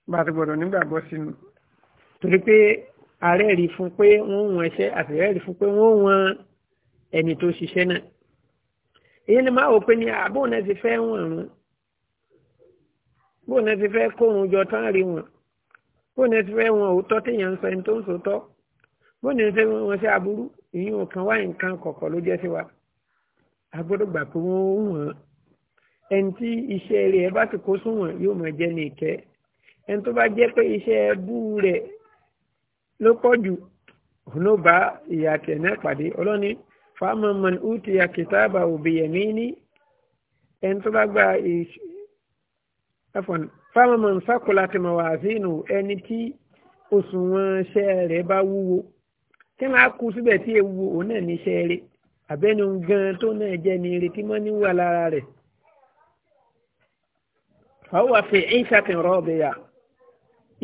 bá a ti sínú torí pé ààrẹ rí fún pé wọ́n wọn ẹṣẹ́ àtẹ̀rẹ́ rí fún pé wọ́n wọn ẹni tó ṣiṣẹ́ náà èyí ni máa wò pé ní àbò náà ti fẹ́ wọ̀n rún bó náà ti fẹ́ kóhun jọ tán rí wọn bó náà ti fẹ́ wọn òótọ́ téèyàn ń sọ ẹni tó ń sòótọ́ bó náà ti fẹ́ wọn sí aburú ìyún ọ̀kan wá nǹkan kọ̀kọ̀ ló jẹ́ sí wa a gbà pé wọ́n wọ̀n ẹni tí iṣẹ́ rẹ̀ bá ti kó sún wọn yóò máa jẹ́ ní ìkẹ́ ẹni tó bá jẹ́ pé iṣẹ́ ẹbú rẹ̀ ló pọ̀ jù òun ló bá ìyà tiẹ̀ náà pàdé ọlọ́ni fáwọn ọmọ ùtì àkìtàbà òbíyẹ̀mí ní ẹni tó bá gba ẹfọ̀n fáwọn ọmọ nsákòlá ti mọ̀ wá sínú ẹni tí òṣùwọ̀n iṣẹ́ rẹ̀ bá wúwo tí wọ́n á kú síbẹ̀ tí ewu òun náà ní iṣẹ́ rẹ̀ àbẹ́ni gan tó náà jẹ́ ni retí mọ́ níwà lára rẹ̀ fàwọn àfi ẹ̀yìn sàtìrọ̀ ọ̀bẹ̀yà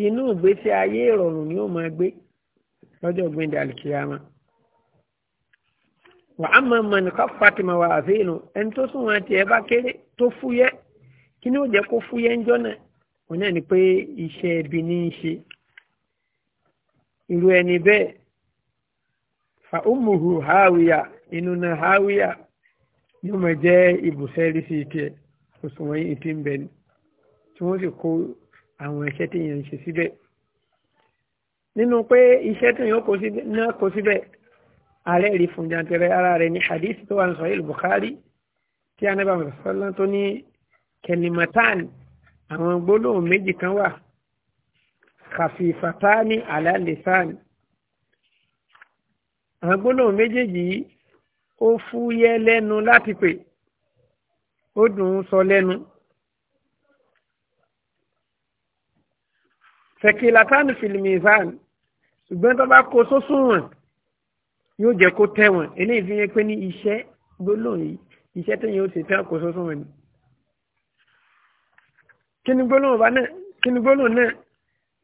inú ìgbésí ayé ìrọ̀rùn ni ó máa gbé lọ́jọ́ gbẹ̀ndẹ̀ alìkìyàmá wà á máa mọ̀ nìkan fatima wà àfihàn ẹni tó sùn wọn tiẹ̀ bá kéré tó fúyẹ́ kí ni ó jẹ́ kó fúyẹ́ ń náà ni pé iṣẹ́ ibi ní í ṣe ẹni bẹ́ẹ̀ fa umuhu hawiya inú náà hawiya ni ó máa jẹ́ ibùsẹ́ rí sí òṣùwọ̀n ti tí àwọn iṣẹ́ tí èèyàn ń ṣe síbẹ̀ nínú pé iṣẹ́ tí èèyàn náà kó síbẹ̀ ààrẹ rí fún jantere ara rẹ̀ ní hadith tó wà ní sahih bukhari tí anábà mọ̀sálán tó ní kelimatan àwọn gbólóhùn méjì kan wà khafifatani ala lisan àwọn gbólóhùn méjèèjì yìí ó fúyẹ́ lẹ́nu láti pè ó dùn ún sọ lẹ́nu. tẹ̀kìlátánù fìlìmìzán ṣùgbọ́n tó bá kó sósùn wọn yóò jẹ́ kó tẹ̀ wọ́n eléyìí fi yẹ pé ní iṣẹ́ gbólóhùn yìí iṣẹ́ tó yẹn ó ti tẹ́ kó sósùn ni. kí gbólóhùn bá náà kí gbólóhùn náà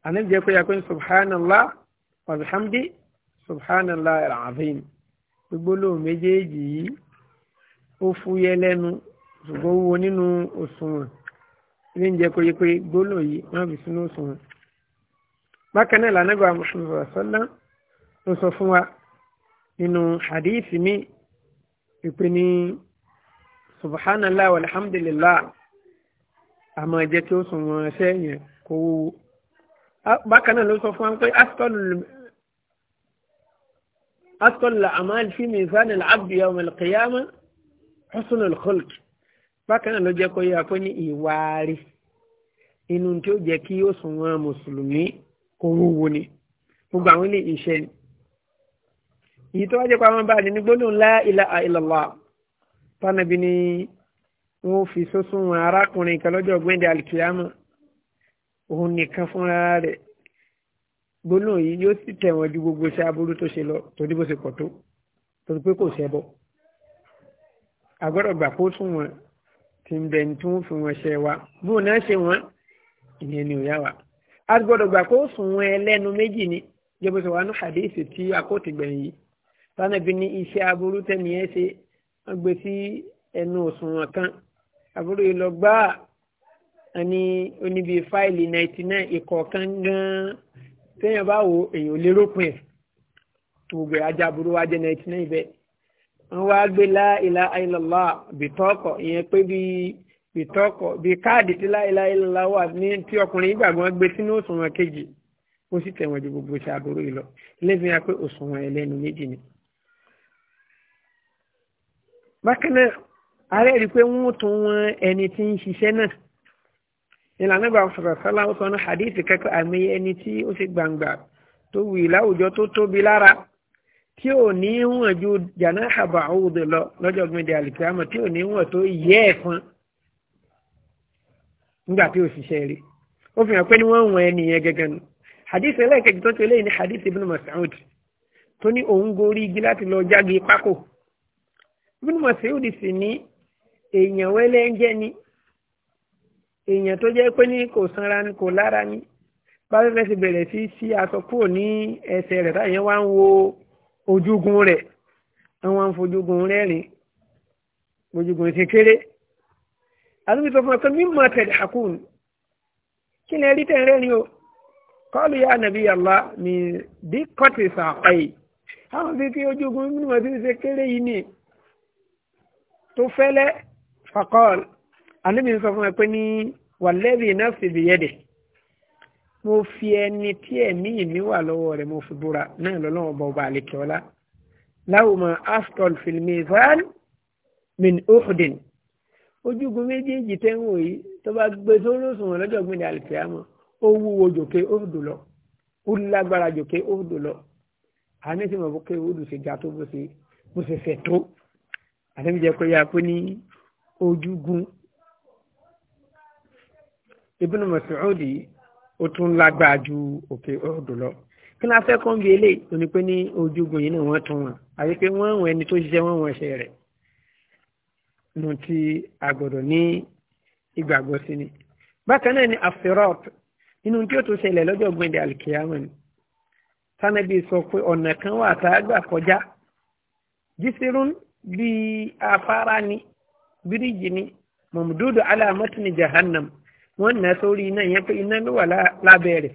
àná jẹ́ pé subhanallah wa bihamdi subhanallah al-azim gbólóhùn méjèèjì yìí ó fúyẹ́ lẹ́nu ṣùgbọ́n ó wo nínú òṣùwọ̀n ilé ń jẹ́ yẹ pé gbólóhùn yìí wọ́n fi sínú òṣùwọ̀n bákan náà lànà gbà mùsùlùmí ọ̀sọ́lá ló sọ fún wa nínú hadith mi ìpè ní subhanallah walhamdulillah àmọ́ ẹ̀jẹ̀ tí ó sùn wọn ṣẹ́ yẹn kò wúwo bákan náà ló sọ fún wa pé asitọ́lù amal fi mizan al-abdi yawm al-qiyamah husn al-khulq bákan náà ló jẹ́ kó yẹ kó ní ìwárí inú tí ó jẹ́ kí ó sùn wọn mùsùlùmí kò wúwo ni gbogbo àwọn ilé iṣẹ́ ni èyí tó wá jẹ́ pàmò bá ní gbólóhùn la ilaha illallah tánàbí ni wọ́n fi sọ́sùn arákùnrin kan lọ́jọ́ gbẹ́ndẹ̀ alikiyama òun nìkan fúnra rẹ̀ gbólóhùn yìí yóò sì tẹ̀wọ̀n ju gbogbo iṣẹ́ aburú tó ṣe lọ torí bó ṣe pọ̀ tó torí pé kò ṣẹbọ agbọ́dọ̀ gbà kó tún wọn tí ń bẹ̀ ń tún fi wọn ṣẹ wa bóun náà ṣe wọn ìyẹn ni ò yá wa a gbọ́dọ̀ gbà kó sùn ẹlẹ́nu méjì ni jẹ́bùsọ wa ní hadithi tí akóòtù gbẹ̀yìn yìí tánàbí ní iṣẹ́ aburú tẹ̀mí ẹ ṣe wọ́n gbé sí ẹnu òṣùwọ̀n kan aburú yìí lọ gbá ẹni oníbi fáìlì náìtì náà ìkọ̀ọ̀kan gan-an téèyàn bá wo èèyàn lérò pin ẹ̀ gbogbo ajá aburú wa náìtì náà ibẹ̀ wọ́n wá gbé lá bìtọ́kọ̀ ìyẹn pé bíi ìtọ́kọ̀ bíi káàdì tí láéláé ńlá wà ní tí ọkùnrin ìgbàgbọ́n gbé sínú òṣùwọ̀n kejì ó sì tẹ̀wọ̀n ju gbogbo ṣe yìí lọ lẹ́fìn apẹ́ òṣùwọ̀n ẹlẹ́nu méjì ni. bákan náà ààrẹ rí i pé wọ́n tún wọn ẹni tí ń ṣiṣẹ́ náà ìlànà ìgbà sọ̀rọ̀ sọ́lá ó sọ ní hadith kẹ́kọ̀ọ́ àmì ẹni tí ó ṣe gbangba tó wù láwùjọ tó tóbi lára tí ò ní wọ̀n ju jàǹdà àbà òwúdò lọ lọ́jọ́ gbẹ̀dẹ̀ àlìkàmọ̀ tí ò ní wọ̀n tó yẹ ẹ̀fọn nígbà tí ó ṣiṣẹ́ rí ó fi hàn pé ní wọ́n ń wọ ẹni yẹn gẹ́gẹ́ nu hadith ẹlẹ́ẹ̀kejì tó tẹ̀lé ní hadith ibn Mas'ud tó ní òun gorí igi láti lọ jáde pákó ibn Mas'ud sì ní èèyàn wẹ́lẹ́ ń jẹ́ ni èèyàn tó jẹ́ pé ní kò sanra ni kò lára ni bábẹ́fẹ́ ti bẹ̀rẹ̀ sí sí aṣọ kúrò ní ẹsẹ̀ rẹ̀ táyẹn wá ń wo ojúgun rẹ̀ àwọn afojúgun rẹ̀ rìn ojúgun ti kéré àdúgbò tó fún ọ pé mímọ tẹ̀lé hakun kí ni ẹrí tẹ̀lé ni o kọ́ọ̀lù yá nàbí yàrá mi bí kọ́tì sàkọ́ yìí àwọn bí kí ojú ogun mímọ tí ń ṣe kéré yìí ni tó fẹ́lẹ́ fakọ́ọ̀lù àdúgbò sọ fún ẹ pé ní wàlẹ́bì náà sì bìyẹ́dẹ̀ mo fi ẹni tí ẹ̀mí mi wà lọ́wọ́ rẹ̀ mo fi búra náà lọ́lọ́wọ́ bọ̀ bá àlekè ọlá láwùmọ̀ aston filmizan min uhudin ojúgun méjèèjì tẹ́wọ̀n yìí tó bá gbé sórí òṣùwọ̀n lọ́jọ́ gbìndé àlùfíàmọ́ ó wúwo jòkè ó dùn lọ ó lágbára jòkè ó dùn lọ àní sì mọ̀ bó ké ó dùn sí ga tó bó ṣe bó ṣe fẹ̀ tó àtẹ́mìjẹ́ pé yá pé ní ojúgun Ibn Mas'ud ó tún lágbára ju òkè ó dùn lọ kí ni a fẹ́ kọ́ ń bi eléyìí ó ní pé ní ojúgun yìí náà wọ́n tún wọn àti pé wọ́n wọ ẹni tó ṣiṣẹ́ wọ́n wọ ẹsẹ̀ rẹ̀ nu ti agbọ́dọ̀ ní ìgbàgbọ́ sí ni bákan náà ni afirot inú tí ó tún ṣẹlẹ̀ lọ́jọ́ gbẹ̀dẹ̀ alikiyama ni sanabi sọ pé ọ̀nà kan wà tá a gbà kọjá jisirun bíi afárá ni bíríìjì ni mọ̀mùdúdú alámọ́tìní jahannam wọ́n nà sórí iná yẹn pé iná ló wà lábẹ́ rẹ̀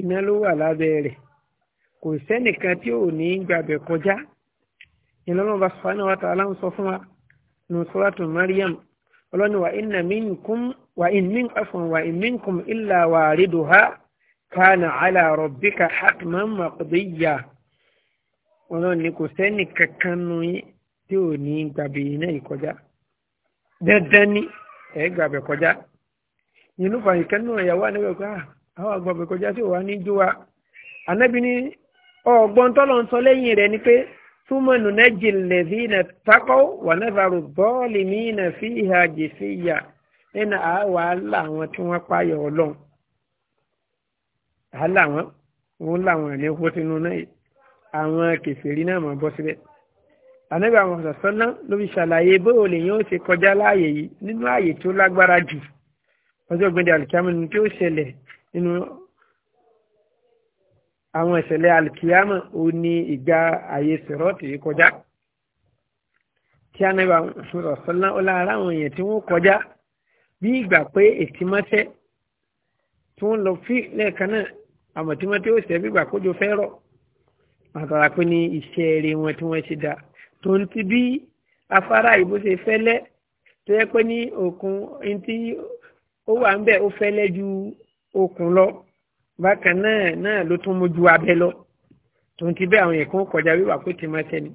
iná ló wà lábẹ́ rẹ̀ kò sẹ́nìkan tí ò ní gbàbẹ̀ kọjá ìlọ́lọ́ba sọ̀rọ̀ wa ta'ala ń sọ fún wa nùsùlátù Maryam ọlọ́ni wa inna minkum wa in min afwan wa in minkum illa wariduha kana ala rabbika hatman maqdiya ọlọ́ni kò sẹ́ni kankan nù yín tí ò ní gbàgbé iná ìkọjá dandan ni ẹ gbàgbé kọjá nínú fàyíkẹ́ náà ìyàwó àníwẹ̀kọ́ àwọn àgbàgbé kọjá tí ò wá wa ànábi ní ọgbọ́n tọ́lọ́ ń sọ lẹ́yìn rẹ̀ ni pé túmọ̀ nùnẹ́ jìnlẹ̀ sí iná takọ́ wà nẹ́fàrú bọ́ọ̀lì mí iná fi ìhà jèsè ìyà nínú wàhálà àwọn tí wọ́n payọ̀ ọlọ́run wàhálà wọn wọn làwọn ẹni kó sínú náà àwọn kèfèrí náà máa bọ́ síbẹ̀ ànábì àwọn ọ̀sán náà ló fi ṣàlàyé bóyá lè yẹn ó ti kọjá láàyè yìí nínú ààyè tó lágbára jù ọjọ́ gbẹ̀dẹ̀ àlùkìyámọ̀ ni tí ó ṣẹlẹ̀ nínú àwọn ìṣẹ̀lẹ̀ alikiyama ó ní ìgbà ayé sèrọ́ọ̀tì yìí kọjá tí anábà sọ̀rọ̀ sọ́lá ọlá ara àwọn èèyàn tí wọ́n kọjá bí ìgbà pé ètìmọ́tẹ́ tí wọ́n lọ fi lẹ́ẹ̀kan náà àmọ́ tí wọ́n ti ó sẹ́ bí ìgbà kójú fẹ́ rọ̀ àtàrà pé ní iṣẹ́ eré wọn tí wọ́n ṣe dá tó ń ti bí afárá ìbò ṣe fẹ́lẹ́ tó yẹ pé ní òkun ẹni tí ó wà ń bẹ̀ ó fẹ́lẹ́ ju òkun lọ bákan náà náà ló tún mójú abẹ lọ tòun ti bẹ́ẹ̀ àwọn yẹn kan kọjá wíwà pé ti máa tẹ́ni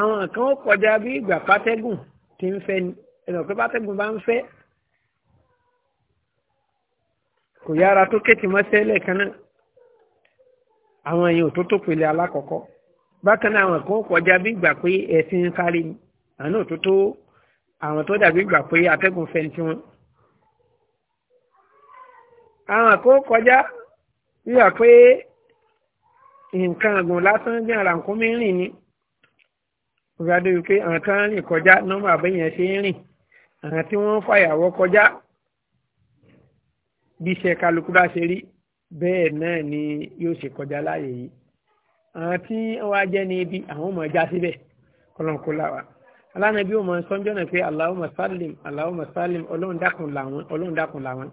àwọn kan kọjá bí ìgbà pátẹ́gùn ti ń fẹ́ ni ẹ̀nà pé pátẹ́gùn bá ń fẹ́ kò yára tó kéètì mọ́sẹ́ lẹ́ẹ̀kan náà àwọn èèyàn tó tó pèlè alákọ̀ọ́kọ́ bákan náà àwọn kan kọjá bí ìgbà pé ẹ̀sìn ń kárí ni àná òtótó àwọn tó dàbí ìgbà pé atẹ́gùn fẹ́ ni tiwọn àwọn kan kọjá wíwà pé nǹkan ọ̀gùn lásán jẹ́ àràǹkúnmí rìn ni ìgbàdo wípé àwọn tí wọ́n rìn kọjá nọ́mbà àbẹ́yẹn ṣe ń rìn àwọn tí wọ́n fàyàwọ́ kọjá bí iṣẹ́ kálukú bá ṣe rí bẹ́ẹ̀ náà ni yóò ṣe kọjá láàyè yìí àwọn tí wọ́n á jẹ́ ní ibi àwọn ọmọ ẹja síbẹ̀ kọlọ́nkó làwà alánàbí ọmọ sọ́njọ́ náà pé Allahumma sallim Allahumma sallim ọlọ́run dákun làwọn ọlọ́run dákun làwọn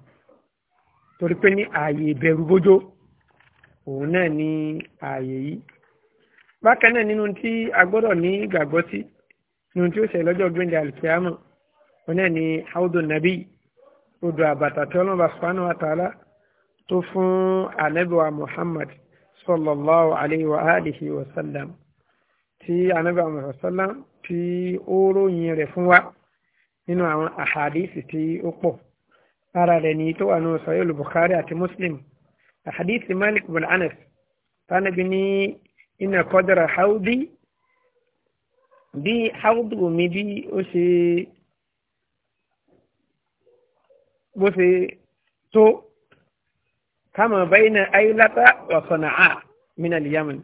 torí pé ní ààyè ìbẹ̀rù bójó òun náà ní ààyè yìí bákan náà nínú tí a gbọ́dọ̀ ní ìgbàgbọ́ sí nínú tí ó ṣe lọ́jọ́ gbẹ̀ndẹ̀ àlùkìyàmọ̀ òun náà ní audu nabi odò àbàtà tí ọlọ́mọba subhanahu wa ta'ala tó fún ànábì wa muhammad sallallahu alayhi wa alihi wa sallam tí ànábì wa muhammad sallam tí ó ròyìn rẹ̀ fún wa nínú àwọn àhàdíìsì tí ó pọ̀ ara rẹ̀ ní tó wà ní sọ́yọ́ Bukhari àti muslim حديث مالك بن أنس فأنا بني إن قدر حوضي bí haúdù mi bí ó ṣe bó ṣe tó kama bayna ailata wa sana'a min al-yaman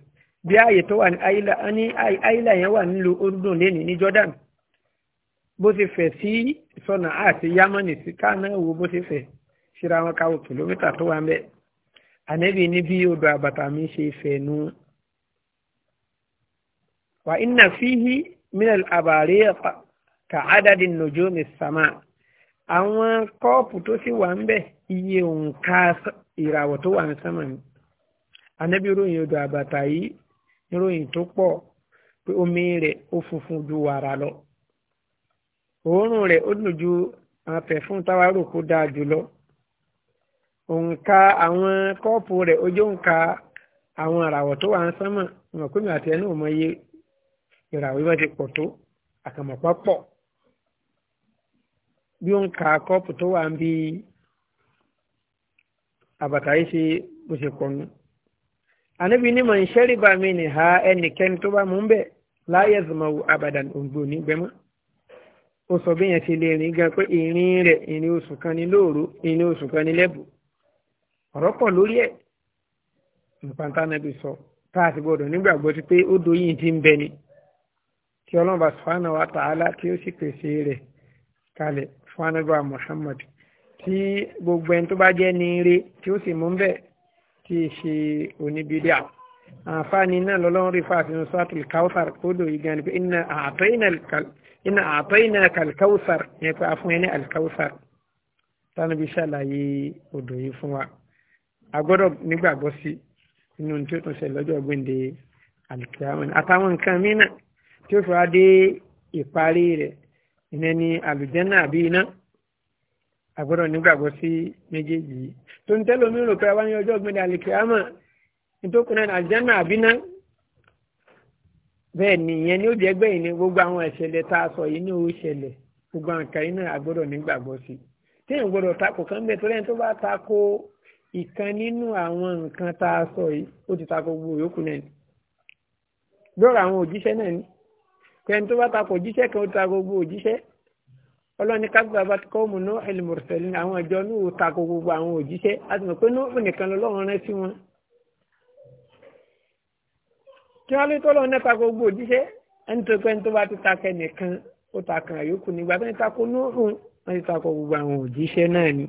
bí ààyè tó wà ní aila ní aila yẹn wà nílùú urdun lẹ́ni ní jordan bó ṣe fẹ̀ sí sana'a àti yamani sí káà náà wo bó ṣe fẹ̀ síra wọn káwọ kìlómítà tó wà ń bẹ́ẹ̀ ànẹ́bì ní bí odò àbàtà mi ṣe fẹ̀nu wà iná fíhí minal àbàrí ka adadi nojo mi sama àwọn kọ́ọ̀pù tó sì wà ń bẹ̀ iye òǹkà ìràwọ̀ tó wà ń sánmà ni ànẹ́bì ròyìn odò àbàtà yìí ròyìn tó pọ̀ pé omi rẹ̀ ó funfun ju wàrà lọ òórùn rẹ̀ ó dùn ju àwọn pẹ̀fún táwa rò kó dáa òǹkà àwọn kọ́ọ̀pù rẹ̀ ojú òǹkà àwọn ìràwọ̀ tó wà ń sánmà ìmọ̀ àti ẹnu ọmọ iye ìràwọ̀ yìí ti pọ̀ tó àkàmọ̀pá pọ̀ bí òǹkà kọ́ọ̀pù tó wà ń si àbàtà yìí ṣe bó ṣe pọ̀ nù. ha ẹnikẹ́ni tó bá mú ń láyé zùmọ̀wò àbàdàn òǹgbò nígbẹ́mọ́ ó sọ bí yẹn ti lè rìn gan pé ìrìn rẹ̀ ìrìn oṣù kan ní ọ̀rọ̀ pọ̀ lórí ẹ̀ nǹkan tánàbí sọ tá a ti gbọdọ̀ nígbàgbọ́ ti pé ó doyin ti ń bẹ ni kí ọlọ́run bá sùfàánà wa tààlà tí ó sì pèsè rẹ̀ kalẹ̀ fún anábà Muhammad tí gbogbo ẹni tó bá jẹ́ ní ire tí ó sì mú bẹ́ẹ̀ tí í ṣe oníbídíà àǹfààní náà lọ́lọ́run rí fàáfin sọ́tùl káwùsàr kó dò yìí gan-an pé iná àtọ́yìnà kàlkáwùsàr yẹn pé a fún ẹ ní àlkáwùsàr tánàbí ṣàlàyé odò yìí fún wa. a gbọ́dọ̀ nígbàgbọ́ sí inú tí ó tún ṣe lọ́jọ́ gbéǹde àlùkìyàmọ́ni àtàwọn nǹkan míì tí ó fura dé ìparí rẹ̀ ìyẹn ni àlùjẹ́nà àbí iná a nígbàgbọ́ sí méjèèjì tó ń tẹ́lẹ̀ omi rò pé wá ní ọjọ́ àbí ni ìyẹn ni ó jẹ́ gbogbo àwọn ìṣẹ̀lẹ̀ tá a sọ yìí ní ó gbogbo náà nígbàgbọ́ sí tí èèyàn gbọ́dọ̀ takò ìkan nínú àwọn nǹkan tá a sọ yìí ó ti ta gbogbo yòókù náà ni lọ́rọ̀ àwọn òjíṣẹ́ náà ni pẹ̀lú tó bá ta kò òjíṣẹ́ kan ó ta gbogbo òjíṣẹ́ ọlọ́ni kágbà bá ti kọ́ mu ní ẹlẹ́mọ̀rẹ́sẹ̀lẹ́ àwọn ìjọ ní òòta kò gbogbo àwọn òjíṣẹ́ láti mọ̀ pé nóòfù nìkan lọ́wọ́ rán sí wọn. kí wọ́n lè tọ́lọ́ nẹ́ta gbogbo òjíṣẹ́ ẹni tó pẹ́ tó bá ti ta kẹ́ ó ta kàn yòókù nígbà tó ta kó nóòfù wọ́n ti ta gbogbo àwọn òjíṣẹ́ náà ni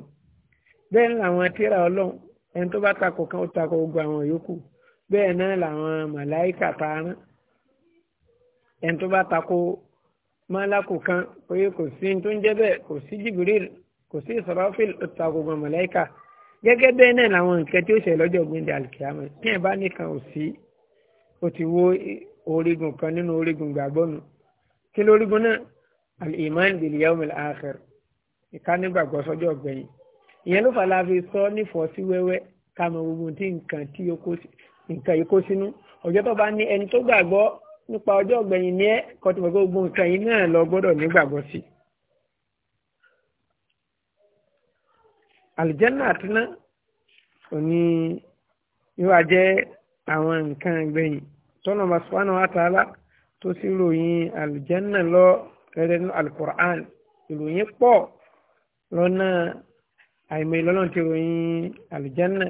bẹ́ẹ̀ làwọn tíra ọlọ́run ẹni tó bá takò kan ó takò gbogbo àwọn yòókù bẹ́ẹ̀ náà làwọn màláìkà tààrán ẹni tó bá takò málákù kan oye kò sí tó ń jẹ́ bẹ́ẹ̀ kò sí Jibril kò sí Israfil ó takò gbogbo màláìkà gẹ́gẹ́ bẹ́ẹ̀ náà làwọn nǹkan tí ó ṣẹlẹ̀ lọ́jọ́ gbẹ̀ndẹ̀ àlùkìyàmọ̀ tí ẹ̀ bá nìkan ò sí ó ti wó orígun kan nínú orígun gbàgbọ́ kí lórígun náà al-iman bil yawmil akhir ìkánigbàgbọ́sọ́jọ́ gbẹ̀yìn ìyẹn ló fà la fi sọ nífọ̀ọ́ sí wẹ́wẹ́ ká mọ gbogbo tí nǹkan tí nǹkan yìí kó sínú ọjọ́ tó bá ní ẹni tó gbàgbọ́ nípa ọjọ́ ọ̀gbẹ̀yìn ní ẹ́ kọ́ tó gbogbo gbogbo nǹkan yìí náà lọ gbọ́dọ̀ nígbàgbọ́ sí. àlìjẹ́nà àtiná òní yóò jẹ́ àwọn nǹkan ìgbẹ̀yìn tọ́nà masùwánà àtàlá tó sì ròyìn àlìjẹ́nà lọ rẹ̀rẹ̀ alukur'an ìròyìn pọ̀ lọ́nà àìmọ̀ ìlọ́lọ́n ti ròyìn àlìjánà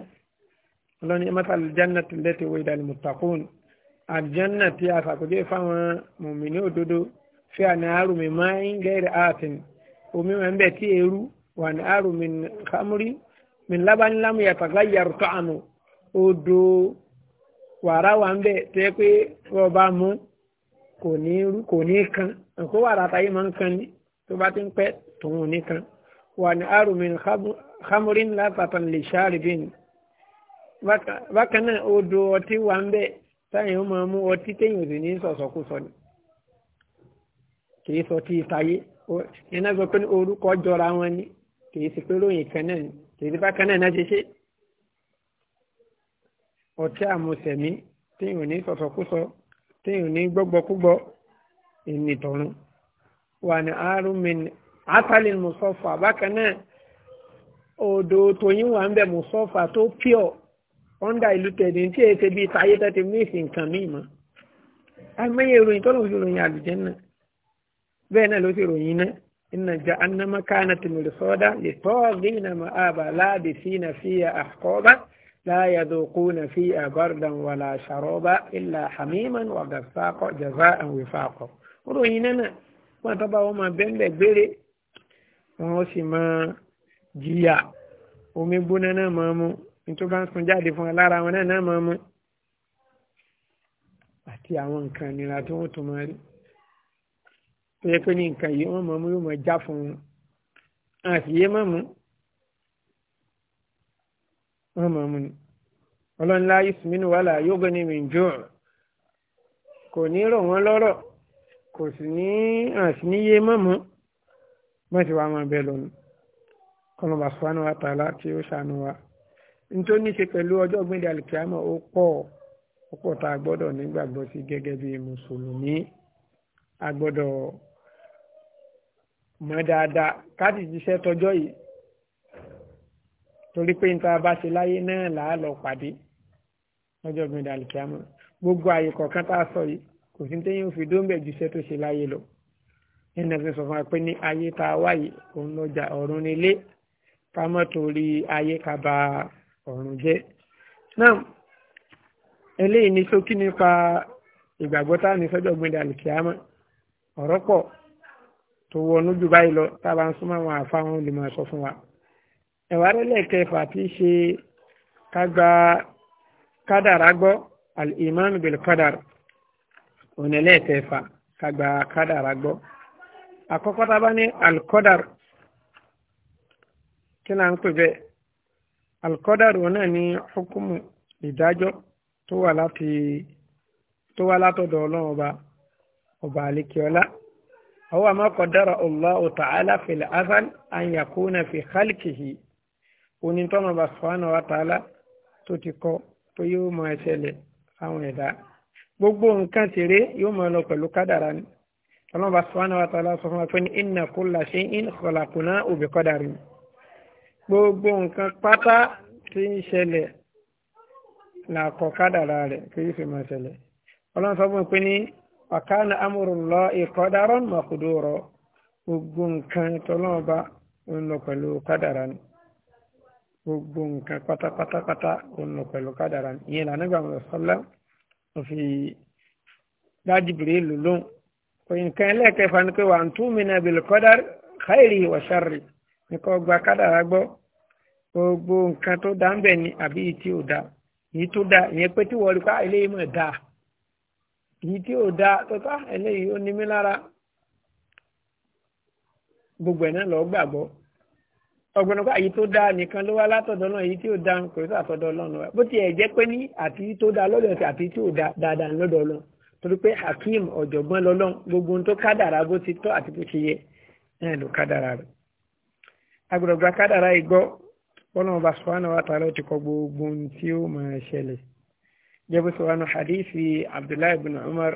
ọlọ́ni ẹ̀mọ́ta àlìjánà ti lẹ́tẹ̀ wọ ìdàlẹ̀ mùtàkùn àlìjánà ti àṣàkójú fáwọn mùmìnì òdodo fi àná àrùmí máa ń gẹ́rẹ̀ ààtìn omi wọn bẹ̀ tí eru wà ní àrùmí kámúrí mi lábánilámù yàtọ̀ láyé àrùtọ́ àmù odò wàrà wà ń bẹ̀ tẹ́ pé wọ́n bá mú kò ní kan kò wàrà táyé máa ń kan ní tó bá ti ń pẹ́ tòun ní kan wàníàrù min khamurin látàtàn lè ṣáàrìbìn bákan náà odò ọtí wà ń bẹ táyìn ó máa mú ọtí téyìn òsì ní sọ̀sọ̀kúsọ ni kìí sọ tí ìtayé iná sọ pé orúkọ jọra wọn ni kìí sì pé ròyìn kan náà ni kìí sì bákan náà náà ṣe ṣe ọtí àmọ̀sẹ̀mí téyìn ò ní sọ̀sọ̀kúsọ téyìn ò ní gbọ́gbọ́kúgbọ́ ìnìtọ̀run wà ní àrùn mi atalin musofa bákan náà odò tóyún wà ń bẹ musofa tó pure under ìlú tẹ̀dí tí èyí ṣe bíi táyé tẹ́tí míìsì nǹkan míì mọ́ àmọ́yé ìròyìn tó lóun fi ròyìn àlùjánnà bẹ́ẹ̀ náà ló ti ròyìn náà inna ja'annama kanat mirsada li taghina ma'aba labithina fiha ahqaba la yadhuquna fiha bardan wala sharaba illa hamiman wa ghassaqa jaza'an wifaqa ròyìn náà náà wọn tó bá wọn máa bẹ́ẹ̀ wọ́n sì máa jìyà omi gbóná náà máa mú nítorí bá ń sun jáde fún ẹ lára wọn náà náà máa mú àti àwọn nǹkan ìnira tí wọ́n tún máa rí tó yẹ pé ní nǹkan yìí wọ́n máa mú yóò máa já fún wọn àti yé máa mú wọ́n máa mú ni ọlọ́run la yusminu wala yughni min ju' kò ní rọ̀ wọ́n lọ́rọ̀ kò sì ní àti níyé mọ́tì wa máa bẹ́ẹ̀ lọ́nu kọlọ́ba sọ́nà wa tààlà tí ó ṣàánú wa nítorí ní ṣe pẹ̀lú ọjọ́ gbẹ̀dẹ̀ àlùkìyàmọ̀ ó pọ̀ ó pọ̀ tá a gbọ́dọ̀ nígbàgbọ́ sí gẹ́gẹ́ bí mùsùlùmí a gbọ́dọ̀ mọ̀ dáadáa káàdì jíṣẹ́ tọjọ́ yìí torí pé níta bá ṣe láyé náà làá lọ pàdé lọ́jọ́ gbẹ̀dẹ̀ àlùkìyàmọ̀ gbogbo àyè kọ̀ọ̀kan tá a sọ yìí kò sí téyàn fi dóńbẹ̀ jíṣẹ́ tó ṣe láyé lọ nínú ẹ̀sìn sọ fún wa pé ní ayé tá a wáyé òun lọ́jà ọ̀run nílé ká mọ́ torí ayé ká ba ọ̀run jẹ́ náà eléyìí ní ṣókí nípa ìgbàgbọ́ tá a ní sọ́jọ́ gbẹ̀dẹ̀ àlùkìyámà ọ̀rọ̀ pọ̀ tó wọnú jù báyìí lọ tá a bá ń súnmọ́ àwọn àfáwọn olè máa sọ fún wa ẹ̀wà rẹ̀lẹ̀ tí í ṣe ká gba kádàrá gbọ́ al-iman bil kádàrá òun ẹ̀lẹ́ẹ̀kẹfà ká gba kádàrá gbọ́ àkọ́kọ́ tá a bá ní alkọ́dàr kí náà ń pè bẹ́ẹ̀ hukumu ìdájọ́ tó wà láti tó wá látọ̀dọ̀ ọlọ́run ọba ọba àlekíọ́lá àwọn àmọ́ kọ̀dára Allahu ta'ala fil azal an yakuna fi khalqihi onítọ́nà bá subhanahu wa ta'ala tó ti kọ́ tó yóò máa ṣẹlẹ̀ sáwọn ẹ̀dá gbogbo nǹkan tèrè ọlọ́mọba subhanahu wa ta'ala sọ fún wa pé ní inna kulla shay'in khalaqnahu bi qadarin gbogbo nǹkan pátá tí ń ṣẹlẹ̀ làkọ̀ kádàrà rẹ̀ kí yìí fi máa ṣẹlẹ̀ ọlọ́run sọ fún mi pé ní wa kana amrullahi qadaran maqdura gbogbo nǹkan tọ́lọ́mọba ń lọ pẹ̀lú kádàrà ni gbogbo nǹkan pátápátápátá ń lọ pẹ̀lú kádàrà ni ìyẹn lànà òyìnkan ẹlẹ́ẹ̀kẹfà ni pé wà ń tún mi náà bìlì kọ́dà káìrì wa sharri ní kò gba kádàrá gbọ́ gbogbo nǹkan tó dá ń bẹ̀ ni àbí èyí tí ò dá èyí tó dá ìyẹn pé tí wọ́n rí pa ah, eléyìí mọ̀ dá èyí tí ò dá tó tá ah, eléyìí ó ní mí lára gbogbo ẹ̀ náà lọ gbàgbọ́ ọgbọ̀nà pé àyí tó dá nìkan ló wá látọ̀dọ̀ náà èyí tí ò dá kò sí àtọ̀dọ̀ ọlọ́run bó tiẹ̀ jẹ́ pé ní àti tó dá lọ́dọ̀ àti tí ò dá dáadáa lọ́dọ̀ ọlọ́run torí pé hakeem ọ̀jọ̀gbọ́n lọ́lọ́n gbogbo ohun tó kádàrá bó ti tọ́ àti bó ti yẹ náà ló kádàrá rẹ̀ agbọ̀dọ̀gba kádàrá igbó bọ́lọ́mọ bá subhanahu wa ta'ala ti kọ gbogbo ohun tí ó máa ṣẹlẹ̀ jẹ́bú sọ̀wọ́nù hadithi abdullahi ibn umar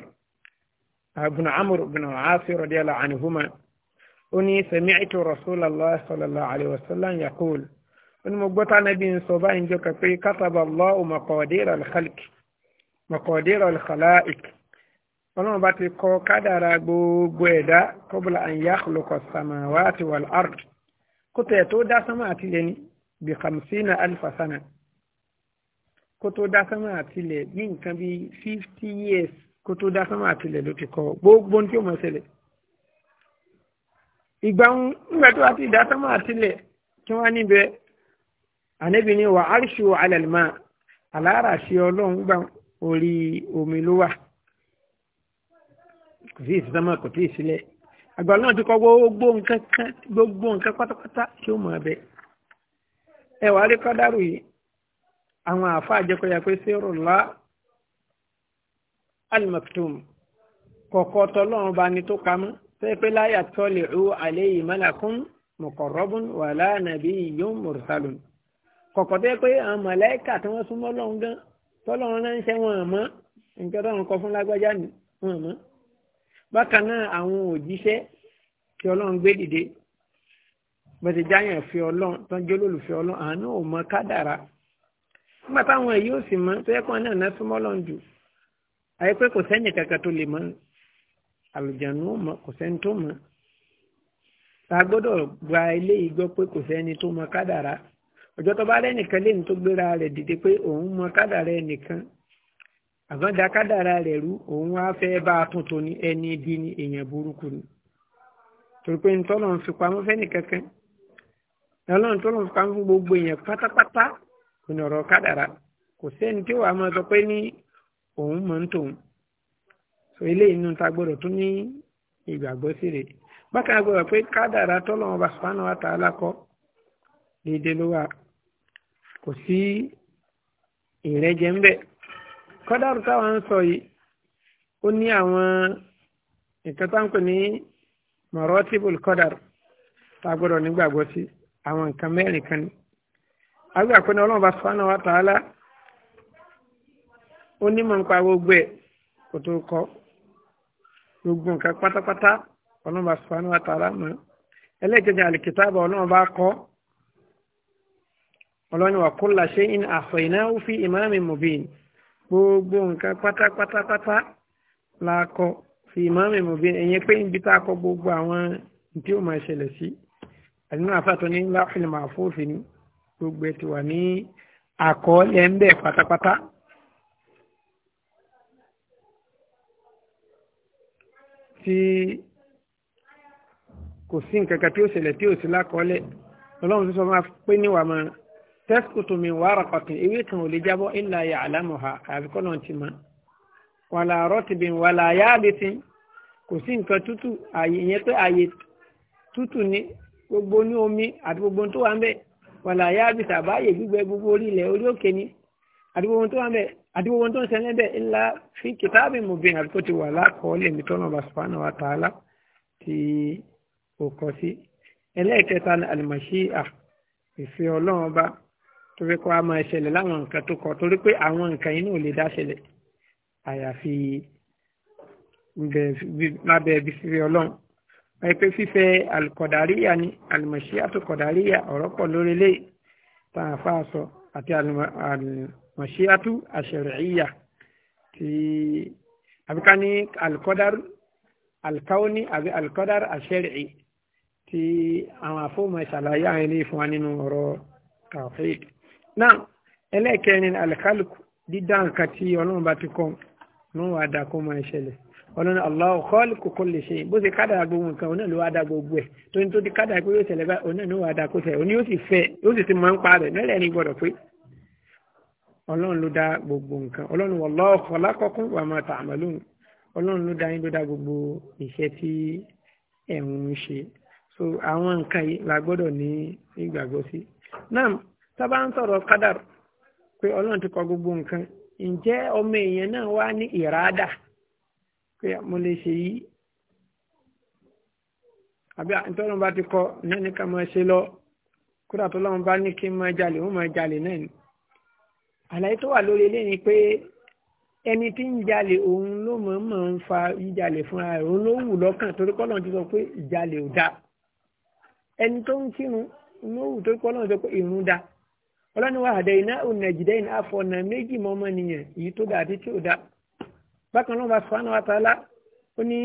ibn amr ibn aasi radiyallahu anhuma ó ní sami'tu rasulallah sallallahu alayhi wa sallam yaqul ó ní mo gbọ́ tá nàbí ń sọ báyìí jọ kàpé kataba allahu maqadir al ọlọ́run bá ti kọ kádàrà gbogbo ẹ̀dá kọ́bùlà àyà lọ́kọ̀ sàmà wá àti wàl ard kó tẹ̀ tó dá sánmà àti ilẹ̀ ní bí kàmsínà alifasana kó dá sánmà àti ilẹ̀ ní nǹkan bíi fifty years kó tó dá sánmà àti ilẹ̀ ló ti kọ gbogbo ní tí ó mọ̀ ṣẹlẹ̀ ìgbà ńgbà tó àti dá sánmà àti ilẹ̀ tí wọ́n á níbẹ̀ ànẹ́bí ni wà áríṣù alẹ́ àlàáràṣe ọlọ́run gbà orí omi ló wà kò sí ìsísámà kò tí ì sílẹ̀ àgbà náà ti kọ́ gbogbo nǹkan kan gbogbo nǹkan pátápátá tí ó mọ̀ ọ́ bẹ́ ẹ wàá rí kọ́dárù yìí àwọn àáfàá àjẹkọ̀yà pé sẹ́rù lá alimaktum kọ̀ọ̀kọ́ tọ́lọ́run bá ní tó ka mọ́ sẹ́yìn pé láyà tọ́lì ru àléyìí mọ́làkún mọ̀kọ̀rọ́bùn wàlá nàbí yóò mọ̀rùsálùn kọ̀ọ̀kọ́ tẹ́ pé àwọn mọ̀lẹ́kà tí wọ́n súnmọ́ lọ́hún gan tọ́lọ́run náà ń ṣẹ́ wọn àmọ́ nǹkan tó ń kọ fún lágbájá ni wọn àmọ́ bákan náà àwọn òjíṣẹ́ kí ọlọ́run gbé dìde bẹ̀tẹ̀ jáyàn fi ọlọ́run tán jẹ́ olólùfẹ́ ọlọ́run àánú ò mọ kádàrá nígbà táwọn èyí ò sì mọ tó yẹ kàn náà ná súnmọ́ ọlọ́run jù àyè pé kò sẹ́ni kankan tó lè mọ àlùjánu ò mọ kò sẹ́ni tó mọ ta gbọ́dọ̀ gba eléyìí gbọ́ pé kò sẹ́ni tó mọ kádàrá ọjọ́ tó bá rẹ́nìkan léyìn tó gbéra rẹ̀ dìde pé òun mọ kádàrá ẹnìkan àgbọn dakádàra rẹ̀ rú òun á fẹ́ bá a tuntun ní ẹni bí ní èèyàn burúkú ni torí pé ntọ́nà ń fi pamọ́ fẹ́ni kankan ọlọ́run tó lọ́n fi pamọ́ fún gbogbo èèyàn pátápátá kò ní kò sẹ́ni tí wàá máa sọ pé ní òun mọ̀ ń tòun so eléyìí nínú ta gbọ́dọ̀ tún ní ìgbàgbọ́ sí rẹ̀ bákan gbọ́dọ̀ pé kádàrá tọ́lọ́run ọba subhanahu wa ta'ala kọ déédéé ló wà kò sí ìrẹ́jẹ ń kọ́dàrú táwọn ń sọ yìí ó ní àwọn nǹkan tá ń pè ní mọ̀rọ́tìbùl kọ́dàrú tá a gbọ́dọ̀ nígbàgbọ́ sí àwọn nǹkan mẹ́rin kan ní. àgbà pé ní ọlọ́run bá subhanahu wa ta'ala ó ní mọ̀ nípa gbogbo ẹ̀ kó tó kọ́ gbogbo nǹkan pátápátá ọlọ́run bá subhanahu wa ta'ala mọ̀ ẹlẹ́gẹ̀dẹ̀ àlìkìtàbà ọlọ́run bá kọ́ ọlọ́run wà kulla shay'in ahsaynahu fi imamin mubin gbogbo nǹkan pátápátápátá la kọ fi ìmáàmù ìmọ̀bí ẹ̀yẹ pé níbi tá a kọ gbogbo àwọn tí ó máa ṣẹlẹ̀ sí àdínú àfàtọ́ ní láfíìlì máa fòfin ní gbogbo ẹ̀ ti wà ní àkọọ́lẹ̀ ń bẹ pátápátá. tí kò sí nǹkan kan tí ó ṣẹlẹ̀ tí ò sí lákọọ́lẹ̀ ọlọ́run tó sọ máa pé níwàá máa tẹ́sùkùtù mi wà rọ̀kọ̀tì ewé kan ò lè jábọ́ ilà yà àlámù ha àbíkọ́ náà ti mọ́ wàlà rọ́tìbìn wàlà yáàbìtì kò sí nǹkan tútù àyè yẹn pé àyè tútù ni gbogbo ní omi àti gbogbo tó wà ń bẹ̀ wàlà yáàbìtì àbáyè gbígbẹ gbogbo orí ilẹ̀ orí òkè ni àti gbogbo tó wà ń bẹ̀ àti gbogbo tó ń ṣẹlẹ̀ bẹ̀ ńlá fi kìtàbì mùbìn àbíkọ́ ti wà lákọọ́lẹ̀ mi tọ́nà bá ìfẹ́ ọlọ́run ọba torí kó a máa ṣẹlẹ̀ láwọn nǹkan tó kọ torí pé àwọn nǹkan inú ò lè dá ṣẹlẹ̀ àyàfi lábẹ́ ibi fífẹ́ ọlọ́run wáyé pé fífẹ́ alùkọ̀dáríyà ni àlùmọ̀ṣí àtòkọ̀dáríyà ọ̀rọ̀ pọ̀ lórí ilé táwọn afáà sọ àti àlùmọ̀ṣí àtú àṣẹrẹ̀íyà tí àbíká ní alùkọ̀dárù alkauni àbí alùkọ̀dárù àṣẹrẹ̀í tí àwọn afọ́mọ̀ ìṣàlàyé àwọn ilé ìfún wa nínú ọ̀rọ̀ tawhid náà ẹlẹ́ẹ̀kẹrin alikálukú dídá nǹkan tí ọlọ́run bá ti kọ́ ló wà dá kó máa ṣẹlẹ̀ ọlọ́run Allahu khaliqu kulli shay bó ṣe kádàrá gbogbo nǹkan òun náà ló wà dá gbogbo ẹ̀ tó ní tó di kádàrá pé yóò ṣẹlẹ̀ báyìí òun náà ló wà dá kó ṣẹlẹ̀ òun yóò sì fẹ́ yóò sì ti máa ń pa rẹ̀ nílẹ̀ ní gbọ́dọ̀ pé ọlọ́run ló dá gbogbo nǹkan ọlọ́run wallahu khalaqakum wa dá yín dá gbogbo iṣẹ́ tí ẹ̀ ń ṣe so àwọn nǹkan yìí la gbọ́dọ̀ ní ìgbàgbọ́ sí tábà ń sọ̀rọ̀ kádàr pé ọlọ́run ti kọ gbogbo nǹkan ǹjẹ́ ọmọ èèyàn náà wá ní ìràádà pé mo lè ṣe yìí àbí àtọ́run bá ti kọ náà ní ká máa ṣe lọ kódà tó lọ́run bá ní kí n máa jalè wọ́n máa jalè náà ni àlàyé tó wà lórí eléyìí ni pé ẹni tí ń jalè òun ló mọ̀ mọ̀ ń fa ìjalè fúnra rẹ̀ òun ló wù lọ́kàn torí kọ́ lọ́run ti sọ pé ìjalè ò dáa ẹni tó ń kírun ló wù torí kọ́ ti sọ pé ìrun dáa ọlọ́niwà àdẹ̀yìnà ònàjìdẹ́yìn afọ ọ̀nà méjì mọ́mọ́ nìyẹn èyí tó dà àti tí ò dá bákan náà bá sọ́nà wa tààlà ó ní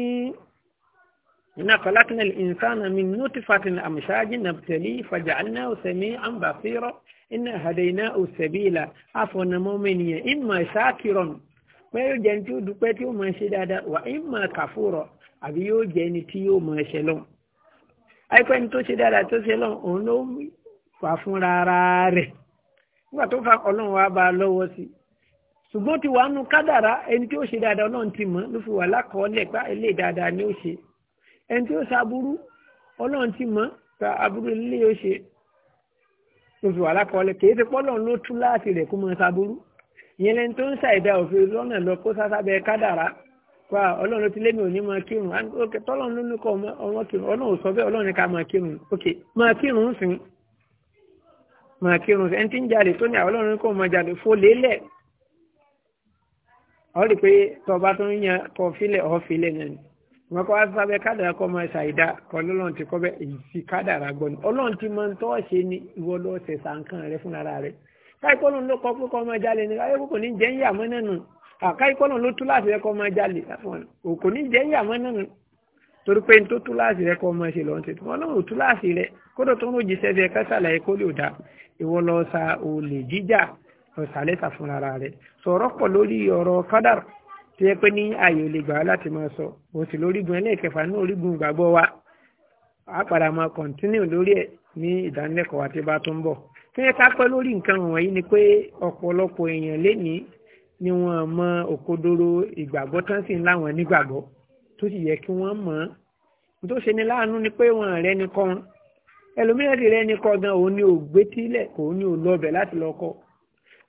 iná kọ́lákínà ìnsánà mi nùtìfàtìn àmúṣáájì nàbtẹ̀lì fàjàlínà òsèmí àǹbàfírọ́ iná àdẹ̀yìnà òsèbíìlà afọ ọ̀nà mọ́mọ́ nìyẹn ìmọ̀ ṣáàkìrọ̀nù pé yóò jẹ́ ní tí ó dúpẹ́ tí ó máa ṣe dáadáa wà ìmọ̀ kàfúrọ̀ fúnra rẹ̀ nígbà tó fa ọlọ́run wa bá a lọ́wọ́ sí ṣùgbọ́n ti wà nù kádàrá ẹni tí ó ṣe dáadáa ọlọ́run ti mọ̀ ló fi wà lákọọ́lẹ̀ pé ilé dáadáa ni ó ṣe ẹni tí ó ṣàbúrú ọlọ́run ti mọ̀ pé aburú ilé ó ṣe ló fi wà lákọọ́lẹ̀ kì í ṣe pọ́lọ́run ló tú láti rẹ̀ kó mọ ṣàbúrú ìyẹn lẹni tó ń ṣàìdá òfin lọ́nà lọ kó sásábẹ́ kádàrá pa ọlọ́run ló ti lémi òní ò ní máa kírun sí ẹni tí ń jalè tó ní àwọn kò máa jalè fò lélẹ̀ ọ rí pé tọba tó ń yan kọ fílẹ̀ ọ fílẹ̀ náà ni wọn kọ́ wá sábẹ́ kádàrá kọ́ máa ṣàìdá kọ́ lọ́lọ́run ti kọ́ bẹ́ èyí kádàrá gbọ́ ni ọlọ́run ti máa ń tọ́ ṣe ni ìwọ lọ ṣẹ̀ sàǹkan rẹ fún ara rẹ káìkọ́lù ló kọ́ pé kọ́ máa jalè ni ayé kò ní jẹ́ ń yà mọ́ náà nù àkáìkọ́lù ló tú láti rẹ kọ́ máa jalè kò ní jẹ́ ń yà mọ́ náà torí pé tó tú láti rẹ kọ́ máa ṣe lọ́n tètè wọn náà ò tú láti rẹ kódò tó ń rò jíṣẹ́ rẹ kásàlàyé lè dá ìwọ lọ sa olè jíjà lọ sa lẹ́sà fún ara rẹ̀ sọ̀rọ̀ pọ̀ lórí ọ̀rọ̀ kádàr tí yẹ pé ní ààyè ò lè gbà láti máa sọ bó sì lórígun ẹlẹ́ẹ̀kẹfà ní orígun ìgbàgbọ́ wa a padà máa kọ̀ntínú lórí ẹ̀ ní ìdánilẹ́kọ̀ọ́ àti bá tó ń bọ̀ tí yẹ ká lórí nǹkan wọ̀nyí ni pé ọ̀pọ̀lọpọ̀ èèyàn lénìí ni wọ́n mọ òkodoro ìgbàgbọ́ tán sì ń láwọn nígbàgbọ́ tó sì yẹ kí wọ́n mọ̀ ọ́n tó ṣe ni láàánú ni pé wọ́n rẹ́ni kọ́ ẹlòmíràn ti rẹ ẹni kọ gan òun ni ò gbé tílẹ̀ òun ni ò lọbẹ̀ láti lọ kọ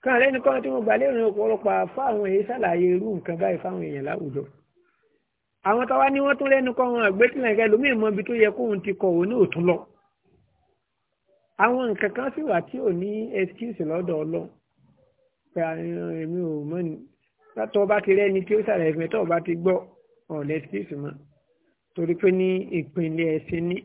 kan rẹ ẹni kọ́ tí mo gbà lérò ọ̀pọ̀lọpọ̀ fáwọn èyí ṣàlàyé irú nǹkan báyìí fáwọn èèyàn láwùjọ àwọn táwa ni wọ́n tún lẹ́nu kọ́ wọn àgbé tílẹ̀ nǹkan ẹlòmíràn mọ ibi tó yẹ kóun ti kọ òun ní òtún lọ àwọn nǹkan kan sì wà tí ò ní excuse lọ́dọ̀ ọlọ́ pé èmi ò mọ̀ ni tó bá ti rẹ́ni tí ó ṣàlàyé fún mi tó bá ti gbọ́ ọ̀lẹ́sìkìsì mọ́ torí pé ní ìpínlẹ̀ ẹ̀sìn ní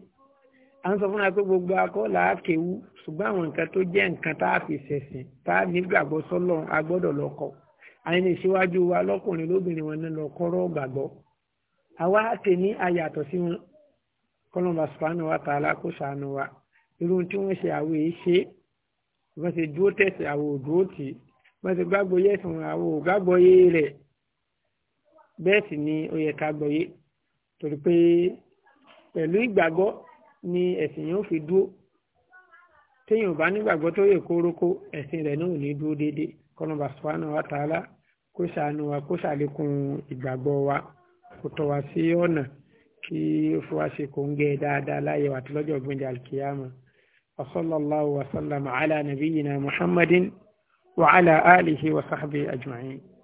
à ń sọ fún wa pé gbogbo akọ́là àkéwú ṣùgbọ́n àwọn nǹkan tó jẹ́ nǹkan tá a fi ṣẹ̀sìn tá a nígbàgbọ́ sọ́lọ́ a lọ́kọ̀ àyìn ìṣíwájú wa lọ́kùnrin lóbìnrin wọn lọ kọ́rọ́ gbàgbọ́ àwa àti ní ayàtọ̀ sí wọn kọ́lọ́mbà sùpánù wa tààlà kó ṣàánú wa irú tí wọ́n ṣe àwọn èyí ṣe wọ́n ṣe dúró tẹ̀sí àwọn òdúró tì wọ́n ṣe gbàgbọ́ yé ẹ̀sìn àwọn yé rẹ̀ bẹ́ẹ̀ sì ni ó yẹ ká gbọ́ yé torí pé pẹ̀lú ìgbàgbọ́ ni ẹ̀sìn yóò fi dúó téèyàn bá nígbàgbọ́ tó yẹ kórókó ẹ̀sìn rẹ̀ náà ò ní dúó déédéé kọ́nọ̀bà sọ́hánà wa tààlà kó ṣàánú wa kó ṣàlékún ìgbàgbọ́ wa kó tọ́ wa sí ọ̀nà kí ó fi wá ṣe kóńgẹ́ dáadáa láyé wa àti lọ́jọ́ gbẹ̀ndẹ̀ alkiyama wasallallahu wasallam ala nabiyina muhammadin wa ala alihi wa sahbihi ajma'in.